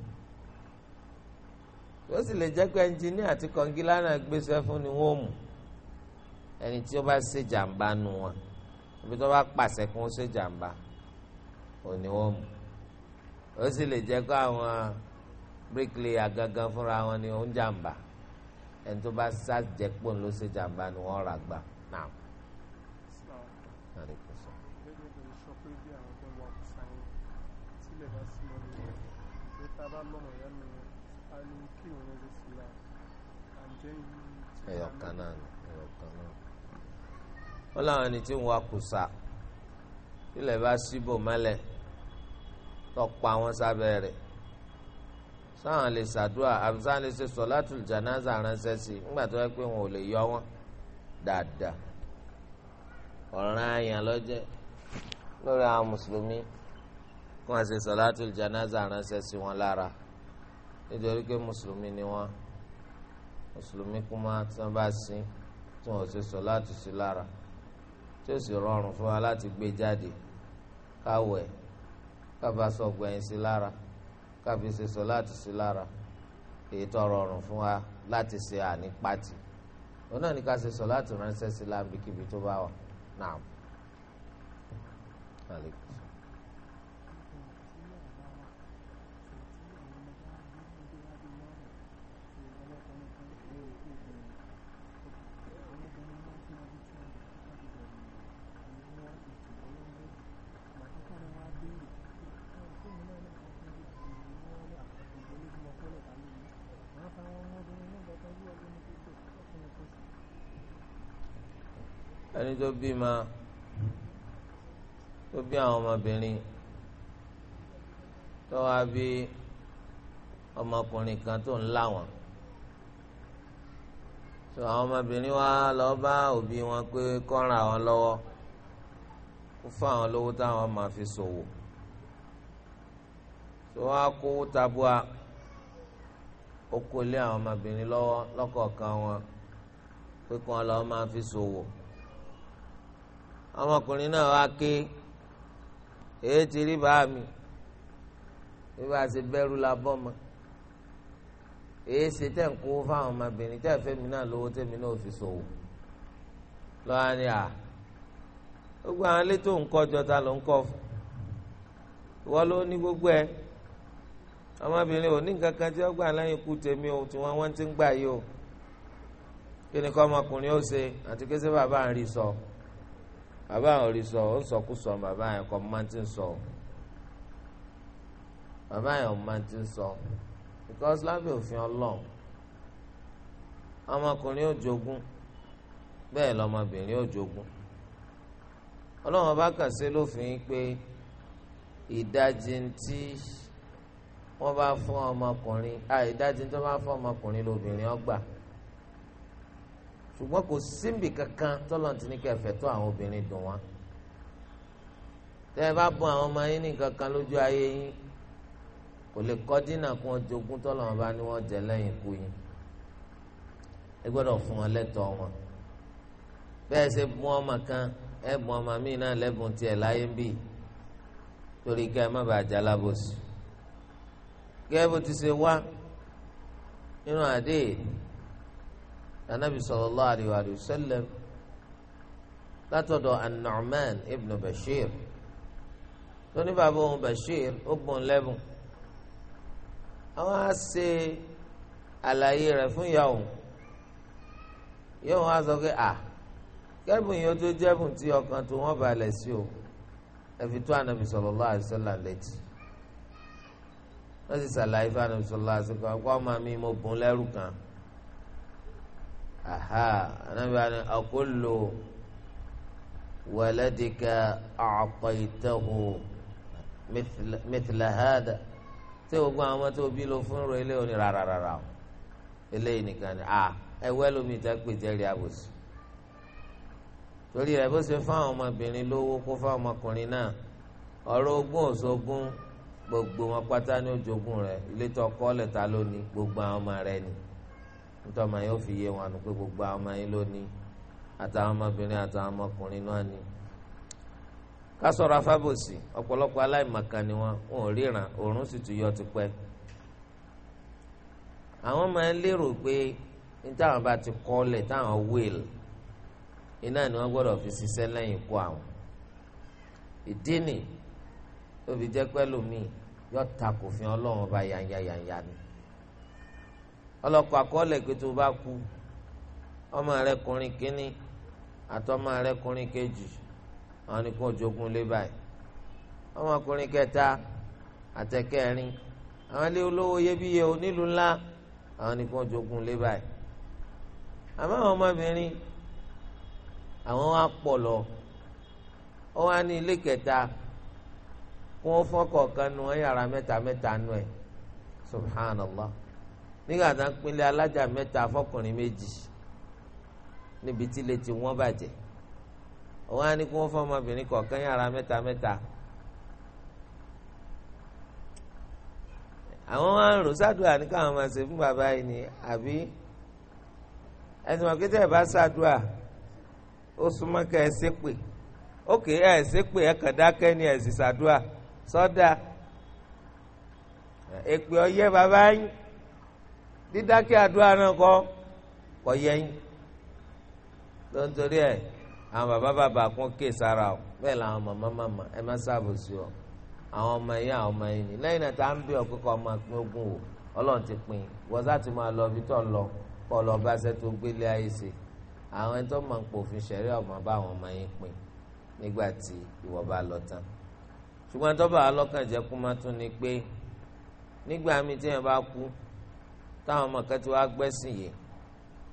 ó sì lè jẹ́ pé ẹnjìníà àti kọ́ngílá náà gbéṣẹ́ fún ni wọ́n mú ẹni tí ó bá ṣe jàǹbá nu wọn ibi tó bá pàṣẹ kún ó ṣe jàǹbá ò ní wọ́n mú ó sì lè jẹ́ pé àwọn bíríkìlìyà gangan fúnra wọn ni ó ń jàǹbá ẹni tó bá ṣàjẹpọ̀ ló ṣe jàǹbá ni wọ́n rà gbà náà. ẹyọkan náà ni ẹyọkan náà wọn làwọn ẹni tí ń wa kùsà ilẹ̀ bá síbò mẹ́lẹ̀ tọpa wọn sábẹ́ rẹ̀ sáwọn lè ṣàdúrà àbísáwọn lè ṣe sọ̀látùl jánásà ránṣẹ́ sí i nígbà tó yẹ pé wọn ò lè yọ wọn dáadáa ọ̀ràn àyàn lọ́jẹ́ lórí àwọn mùsùlùmí kí wọ́n ṣe sọ̀látùl jánásà ránṣẹ́ sí wọn lára nítorí pé mùsùlùmí ni wọ́n mùsùlùmí kú máa tí wọ́n bá sin tí wọ́n ṣe sọ láti sí lára tí ó sì rọrùn fún wa láti gbé jáde káwẹ̀ kábà sọ gbẹ̀yìn sí lára káfi ṣe sọ láti sí lára èyí tó rọrùn fún wa láti ṣe àní pàtì òun náà ní ká ṣe sọ láti ránṣẹ́ sí láàbíkíbi tó bá wà náà. tó bí ma tó bí àwọn ọmọbìnrin tó wá bí ọmọkùnrin kan tó ń là wọn tó àwọn ọmọbìnrin wa lọ bá òbí wọn pé kọ́ran àwọn lọ́wọ́ kó fún àwọn lówó táwọn máa fi ṣòwò tó wá kó tabua ó kó lé àwọn ọmọbìnrin lọ́wọ́ lọ́kọ̀ọ̀kan wọn pé kí wọ́n lọ́ọ́ máa fi ṣòwò. So ọmọkùnrin náà wá ké èyí ti rí bàá mi bí bá a la bọ́ mọ́ èyí ṣe tẹ̀ ń kó fáwọn ọmọbìnrin tẹ̀ fẹ́ mi náà lówó tẹ̀mí náà fi ṣòwò lọ́wọ́ ni à gbogbo àwọn elétò ńkọ́ jọta ló ń kọ́ fún ìwọ ló ní gbogbo ẹ̀ ọmọbìnrin ò ní nǹkan kan tí wọ́n gbà lẹ́yìn ikú tèmi o tí wọ́n wọ́n ti ń gbà yìí o kí ni kọ́ ọmọkùnrin ó ṣe àti kí ṣe bàbá ń sọ. So bàbá àwọn rí sọ ó ń sọkú sọ bàbá yẹn kọ máa ti ń sọ bàbá yẹn máa ti ń sọ because lábẹ́ òfin ọlọ́run ọmọkùnrin ò jogún bẹ́ẹ̀ lọmọbìnrin ò jogún ọlọ́run bá kàn sí lófin pé ìdajì tí wọ́n bá fún ọmọkùnrin à ìdajì tí wọ́n bá fún ọmọkùnrin lóbìnrin ọgbà ṣùgbọ́n kò síbi kankan tọ́lọ̀ tí ní kẹfẹ́ tó àwọn obìnrin dùn wọn. tẹ́ ẹ bá bọ́ àwọn ọmọ yín ní kankan lójú ayé yín kò lè kọ́ dínà kún ọjọ́gún tọ́lọ̀ wọn bá ní wọ́n jẹ lẹ́yìn ikú yín. ẹ gbọ́dọ̀ fún wọn lẹ́tọ̀ọ́ wọn. bẹ́ẹ̀ ṣe mú ọmọ kan ẹ mú ọmọ míì náà lẹ́bùn tiẹ̀ láyé ń bì torí ká ẹ má bàa jẹ́ alábòsí. gẹ́gẹ́ bó ti ṣe wá nínú àdéhìí anabi sallallahu alayhi wa sallam látọ̀dọ̀ an-Nu'man ibn Bashir tóní bàbá òun Bashir ó gbọ́n lẹ́bùn àwọn á ṣe àlàyé rẹ̀ fún ìyá òun ìyá òun á sọ pé à kẹ́bùn yìí ó tó jẹ́bùn tí ọkàn tó wọ́n balẹ̀ sí o ẹ̀fi tó anabi sallallahu alayhi wa létí wọ́n sì ṣàlàyé fún anabi sallallahu alayhi wa kọ́ ọ́ máa mi mo bùn lẹ́rù kan. aha anabi ani akulu waladika acqaitahu o, hada tí gbogbo àwọn tó bí lo fún ro eléyìí ni rárára o eléyìí nìkan ni a ah, ẹwẹ́ lómi ìta jẹ́rìí àbòsí torí rẹ̀ bó ṣe fáwọn ọmọbìnrin lówó kó fáwọn ọmọkùnrin náà ọ̀rọ̀ ogún òṣogún gbogbo wọn pátá ní ojogún rẹ̀ ilé tó kọ́ lẹ́ta gbogbo àwọn ọmọ rẹ ni. nítorí ọmọ yẹn ó fi yé wọn àná pé gbogbo àwọn ọmọ yẹn lónìí àtàwọn ọmọbìnrin àtàwọn ọmọkùnrin náà ni. ká sọ̀rọ̀ afábòsì ọ̀pọ̀lọpọ̀ aláìmọ̀kan ni wọn wọn ò ríran òórùn sì tún yọ tipẹ́. àwọn ọmọ yẹn lérò pé ní táwọn bá ti kọ́lẹ̀ táwọn wíìl iná ni wọ́n gbọ́dọ̀ fi ṣiṣẹ́ lẹ́yìn ikú àwọn. ìdí ni òbí jẹ́ pẹ́lú mi yọ takò fi ọlọ́run ọba yànyànyànyà ni ọlọ́kọ̀ àkọọ́lẹ̀ pé tó bá kú ọmọ rẹ kùnrin kínní àtọmọ rẹ kùnrin kejì àwọn ni kò jogún lé báyìí ọmọkùnrin kẹta àtẹkẹrin àwọn ilé olówó iyebíye onílù ńlá àwọn ni kò jogún lé báyìí àmọ́ àwọn ọmọbìnrin àwọn wa pọ̀ lọ ó wá ní ilé kẹta kó fọ́kọ̀ọ̀kan nu ẹ̀ yàrá mẹ́ta mẹ́ta nu ẹ̀ subhanallah nígbà tá à ń pinlẹ̀ alájà mẹ́ta fọkùnrin méjì níbi tí ilé ti wọ́n bàjẹ́ òun á ní kí wọ́n fọ́ ọmọbìnrin kọ̀ọ̀kan yàrá mẹ́ta mẹ́ta. àwọn máa ń rò sádùá ní káwọn máa ṣe fún bàbá yìí ni àbí ẹsìn wọn kéde ẹ̀bá sádùá ó súnmọ́ ká ẹ ṣépè ókè ẹ ṣépè ẹ kàn dákẹ́ ni ẹ̀sìn sádùá sọ́dà èpè ọyẹ́ bàbá yìí dídákẹ́ àdúrà náà kọ́ kọ́ yẹyin tó ń torí ẹ̀ àwọn bàbá bàbá kún ké sára o bẹ́ẹ̀ làwọn màmá màmá ẹ má sáàbò sí ọ àwọn ọmọ yín àwọn ọmọ yín ni lẹ́yìn náà tá à ń bí ọ̀kọ́kọ́ ọmọ pín ogún o ọlọ́run ti pín wọ́n sá ti máa lọ ibi tó ń lọ kọ́ ọ lọ bá ṣẹ́ tó gbélé ayé ṣe àwọn ẹni tó máa ń pòfin ṣẹ̀rí ọmọ bá àwọn ọmọ yín pín nígbà tí ìwọ bá lọ tán ṣùgbọ́n tó bá a lọ́kàn jẹ́ kú má tún ni pé nígbà míì téèyàn bá kú táwọn ọmọ kan ti wá gbẹ́sìn yìí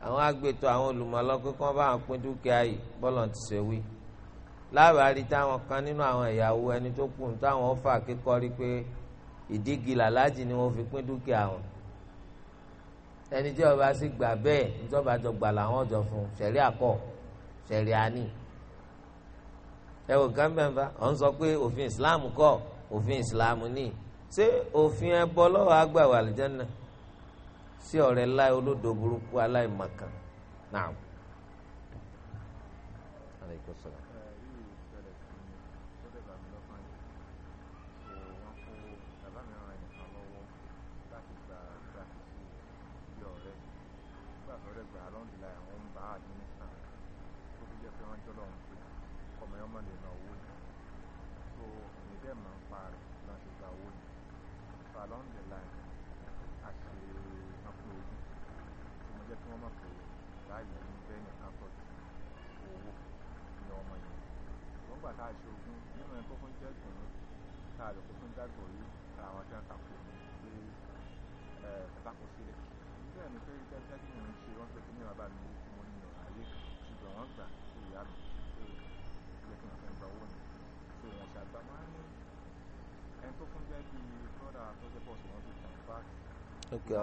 àwọn agbètò àwọn olùmọ̀lọ́pẹ́ kí wọ́n bá wọn pín dúkìá yìí bọ́lọ̀ ti ṣe wí lábàárí táwọn kan nínú àwọn ìyàwó ẹni tó kù táwọn fà kíkọrí pé ìdígi làlájì ni wọ́n fi pín dúkìá wọn ẹni tí ọba sì gbà bẹ́ẹ̀ níjọba jọ gbà làwọn jọ fún ṣẹ̀rí àkọ́ ṣẹ̀rí àní ẹ wò kán bẹ́ẹ̀ bá ọ̀n sọ pé òfin Islam kọ́ òfin Islam ní ṣé òfin ẹbọ lọ́wọ́ sí ọ̀rẹ́ láì olódò burúkú aláìmọ̀kan náà.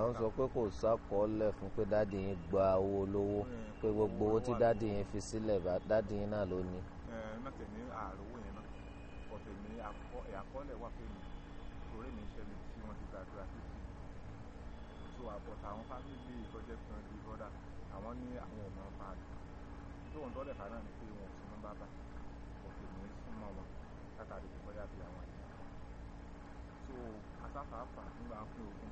ń sọ pé kò sákọọ́lẹ̀ fún pé dáàdi yín gba owó olówó mm. pé gbogbo owó tí dáàdi yín fi sílẹ̀ dáàdi yín náà ló ní. ẹ ẹ náà tẹ̀ ní yẹn náà kò tẹ̀ ní àkọọ́lẹ̀ wà pé mi torí mi ṣẹlẹ̀ tí wọ́n ti gbàdúrà sí ti so àbọ̀ táwọn fámìlì ìtọ́jẹ́ tí wọ́n ti rọ́dà àwọn ní àwọn ọ̀nà fàánù tó ń tọ́lẹ̀ fàánù ni pé wọn ò súnmọ́ bàbá kò tẹ̀ ní súnmọ́ wọn látàrí ìkọ́jà bí àwọn ìyá so asáfàáfà nígbà fún ogun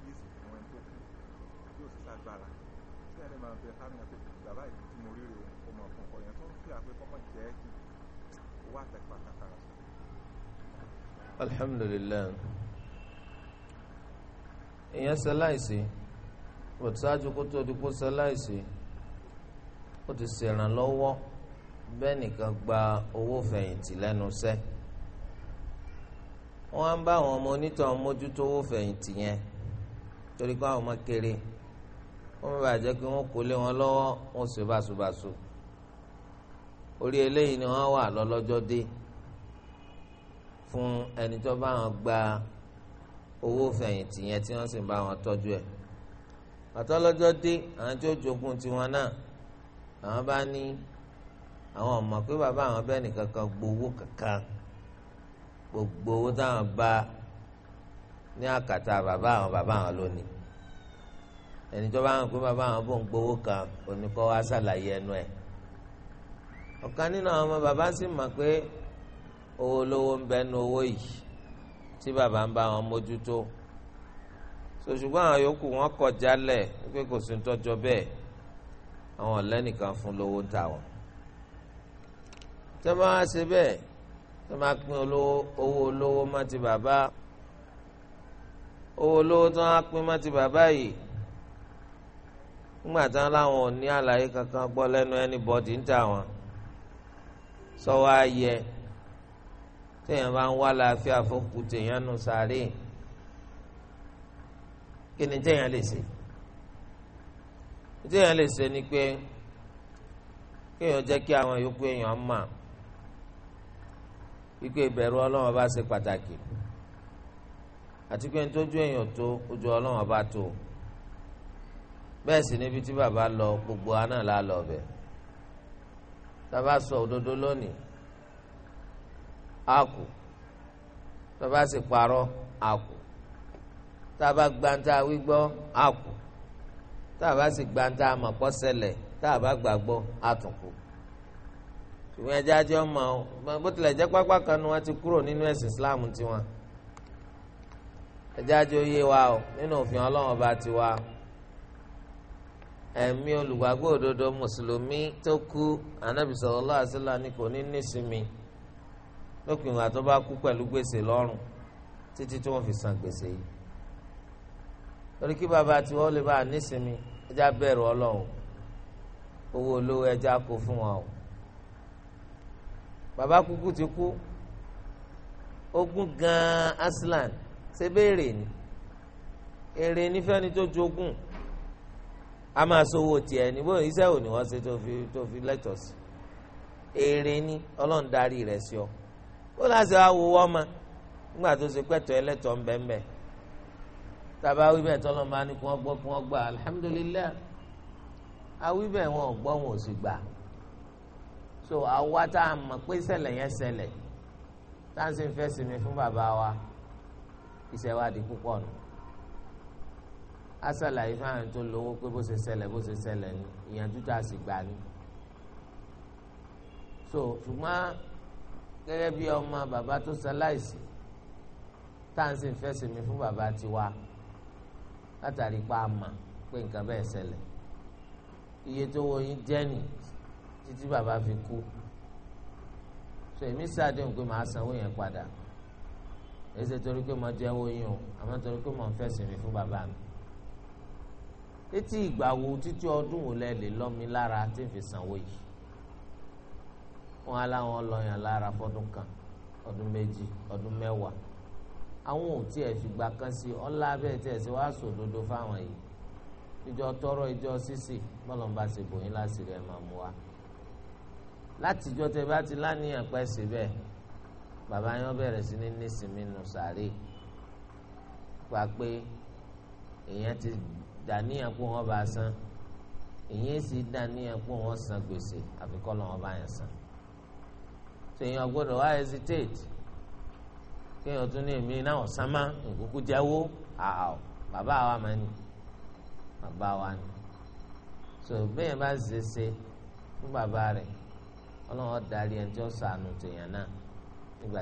tí ó sì lágbára tí ẹni máa ń fẹ́ sáré yẹn pé bàbá ìlú tí mo ríro o mọ̀ fún ọkọ yẹn tó ń fi àpé kọ́mọ̀ jẹ́ kí owó àtẹ̀pà kàkàrà sọ. alhamdulilayi èèyàn ṣe láìsí kò ṣáájú kó tó di kó ṣe láìsí ó ti ṣèrànlọ́wọ́ bẹ́ẹ̀ nìkan gba owó fẹ̀yìntì lẹ́nu iṣẹ́ wọ́n á ń bá àwọn ọmọ onítọ̀ mójútó owó fẹ̀yìntì yẹn torí pé àwọn ọmọ kéré wọ́n bá jẹ́ kí wọ́n kó lé wọn lọ́wọ́ wọ́n sì báṣubàṣu orí eléyìí ni wọ́n wà lọ́lọ́jọ́ dé fún ẹni tó bá wọn gba owó fẹ̀yìntì yẹn tí wọ́n sì bá wọn tọ́jú ẹ̀ pàtọ́lọ́jọ́ dé àwọn tí ó jogún tiwọn náà àwọn bá ní àwọn ọmọ pé bàbá àwọn bẹ́ẹ̀ nìkan gbowó kankan gbogbo owó táwọn bá ní àkàtà bàbá àwọn bàbá àwọn lónìí ẹni tó bá ń pè bàbá àwọn bò ń gbowó kan oníkọ́ wa ṣàlàyé ẹnu ẹ̀ ọ̀kan nínú àwọn ọmọ bàbá sì mọ̀ pé owó lówó ń bẹnu owó yìí tí bàbá ń bá wọn mójútó ṣùgbọ́n àwọn yòókù wọn kọ̀ jálẹ̀ pé kò sí tọ́jọ́ bẹ́ẹ̀ àwọn ọ̀lẹ́nìkan fún lówó ń ta wọn tó wá ṣe bẹ́ẹ̀ tó máa pín owó olówó má ti bàbá owó olówó tó wá pín má ti bàbá yìí nígbà tán láwọn ò ní àlàyé kankan gbọ́ lẹ́nu anybody ń tà wọ́n sọ́wọ́ ayẹ téèyàn bá ń wá láàfin àfọkù téèyàn nù sáré kí ni téèyàn lè ṣe téèyàn lè ṣe ni pé kéèyàn jẹ́ kí àwọn yòókù èèyàn mọ̀ wípé ìbẹ̀rù ọlọ́run bá ṣe pàtàkì àti pé nítorí èèyàn tó ojú ọlọ́run bá tó bẹ́ẹ̀ sì níbi tí bàbá lọ gbogbo aná la lọ bẹ̀ tàbá sọ òdodo lónìí àkù tàbá sì parọ́ àkù tàbá gbantá wígbọ́ àkù tàbá sì gbantá àmọ̀pọ̀ ṣẹlẹ̀ tàbá gbàgbọ́ àtùnkù ṣùgbọ́n ẹja jẹ́ ọmọ bó tilẹ̀ jẹ́ pápá kan ni wọ́n ti kúrò nínú ẹ̀sìn Islam tiwọn ẹja jẹ́ oyé wa o nínú òfin Ọlọ́run ọba tiwa o ẹ̀mí olùgbàgbọ́ òdodo mùsùlùmí tó kú anábì sallallahu alaihi wasallam ni kò ní nísinmi lópin ìgbà tó bá kú pẹ̀lú gbèsè lọ́rùn títí tí wọ́n fi san gbèsè yìí torí kí bàbá tiwọn lè bá a nísinmi ẹja bẹ̀rù ọlọ́run owó olówó ẹja kó fún wọn o bàbá kúkú ti kú ogún gan-an aslan ṣe béèrè ni èrè nífẹ̀ẹ́ ni tó jogún a máa sowó tiẹ̀ níbo iṣẹ́ ò ní wọ́n ṣe tó fi tó fi lẹ́tọ̀ sí èrè ni ọlọ́run darí rẹ̀ sí ọ ó láti wá wo wọ́n ma nígbà tó ṣe pẹ́tọ̀ ẹlẹ́tọ̀ ńbẹ́ńbẹ́ tàbá wíbẹ̀ tọ́lọ́ máa ní kí wọ́n gbọ́ kí wọ́n gbà alihamudulilayi awíbẹ̀ wọn ò gbọ́ wọn ò sì gbà so àwa tá a mọ̀ pé ṣẹlẹ̀ yẹn ṣẹlẹ̀ tá a sì ń fẹ́ sinmi fún bàbá wa iṣẹ́ wa di púpọ̀ nù asàlàyé fáwọn tó lówó pé bó ṣe ṣẹlẹ̀ bó ṣe ṣẹlẹ̀ ni ìyànjú tá a sì gbà ni. so ṣùgbọ́n gẹ́gẹ́ bí ọmọ bàbá tó ṣaláìsí tá à ń sìn fẹ́ sinmi fún bàbá tiwa látàrí pa àmà pé nǹkan bẹ́ẹ̀ ṣẹlẹ̀ iye tó wọ yín jẹ́nì títí bàbá fi kú so èmi ṣàdéhùn pé màá sanwó yẹn padà èsè torí pé mo jẹ́ yín o àmọ́ torí pé mo ń fẹ́ sinmi fún bàbá mi títí ìgbà wo títí ọdún wo lẹ lè lọ́mi lára tí n fi sanwó yìí wọn aláwọn lọ́yàn lára fọdún kan ọdún méjì ọdún mẹ́wàá àwọn ò tiẹ̀ fìgbà kan sí ọlá abẹ́ tiẹ̀ sí wàá sòdodo fáwọn yìí ìjọ tọrọ ìjọ sísì bọ́lọ̀mbà ṣe bòyìn láṣìírí ẹ̀ máa mú wa látijọ́ tẹ bá ti láníyàn pẹ́ síbẹ̀ bàbá yẹn bẹ̀rẹ̀ sí ní nísìmí nù sàárè gba pé èèyàn ti dàníyàn kó wọn bá san èyí sì dàníyàn kó wọn san gbèsè àfi lọ́wọ́ bá yẹn san tó èyàn gbọ́dọ̀ wá hesitate kéèyàn tún ní èmi náà ọ̀sán nkúkú àhàó bàbá wa máa ní bàbá wa ní so bẹ́ẹ̀ bá ṣe fún bàbá rẹ̀ ọlọ́wọ́ darí ẹni tí ó sànù tèèyàn náà nígbà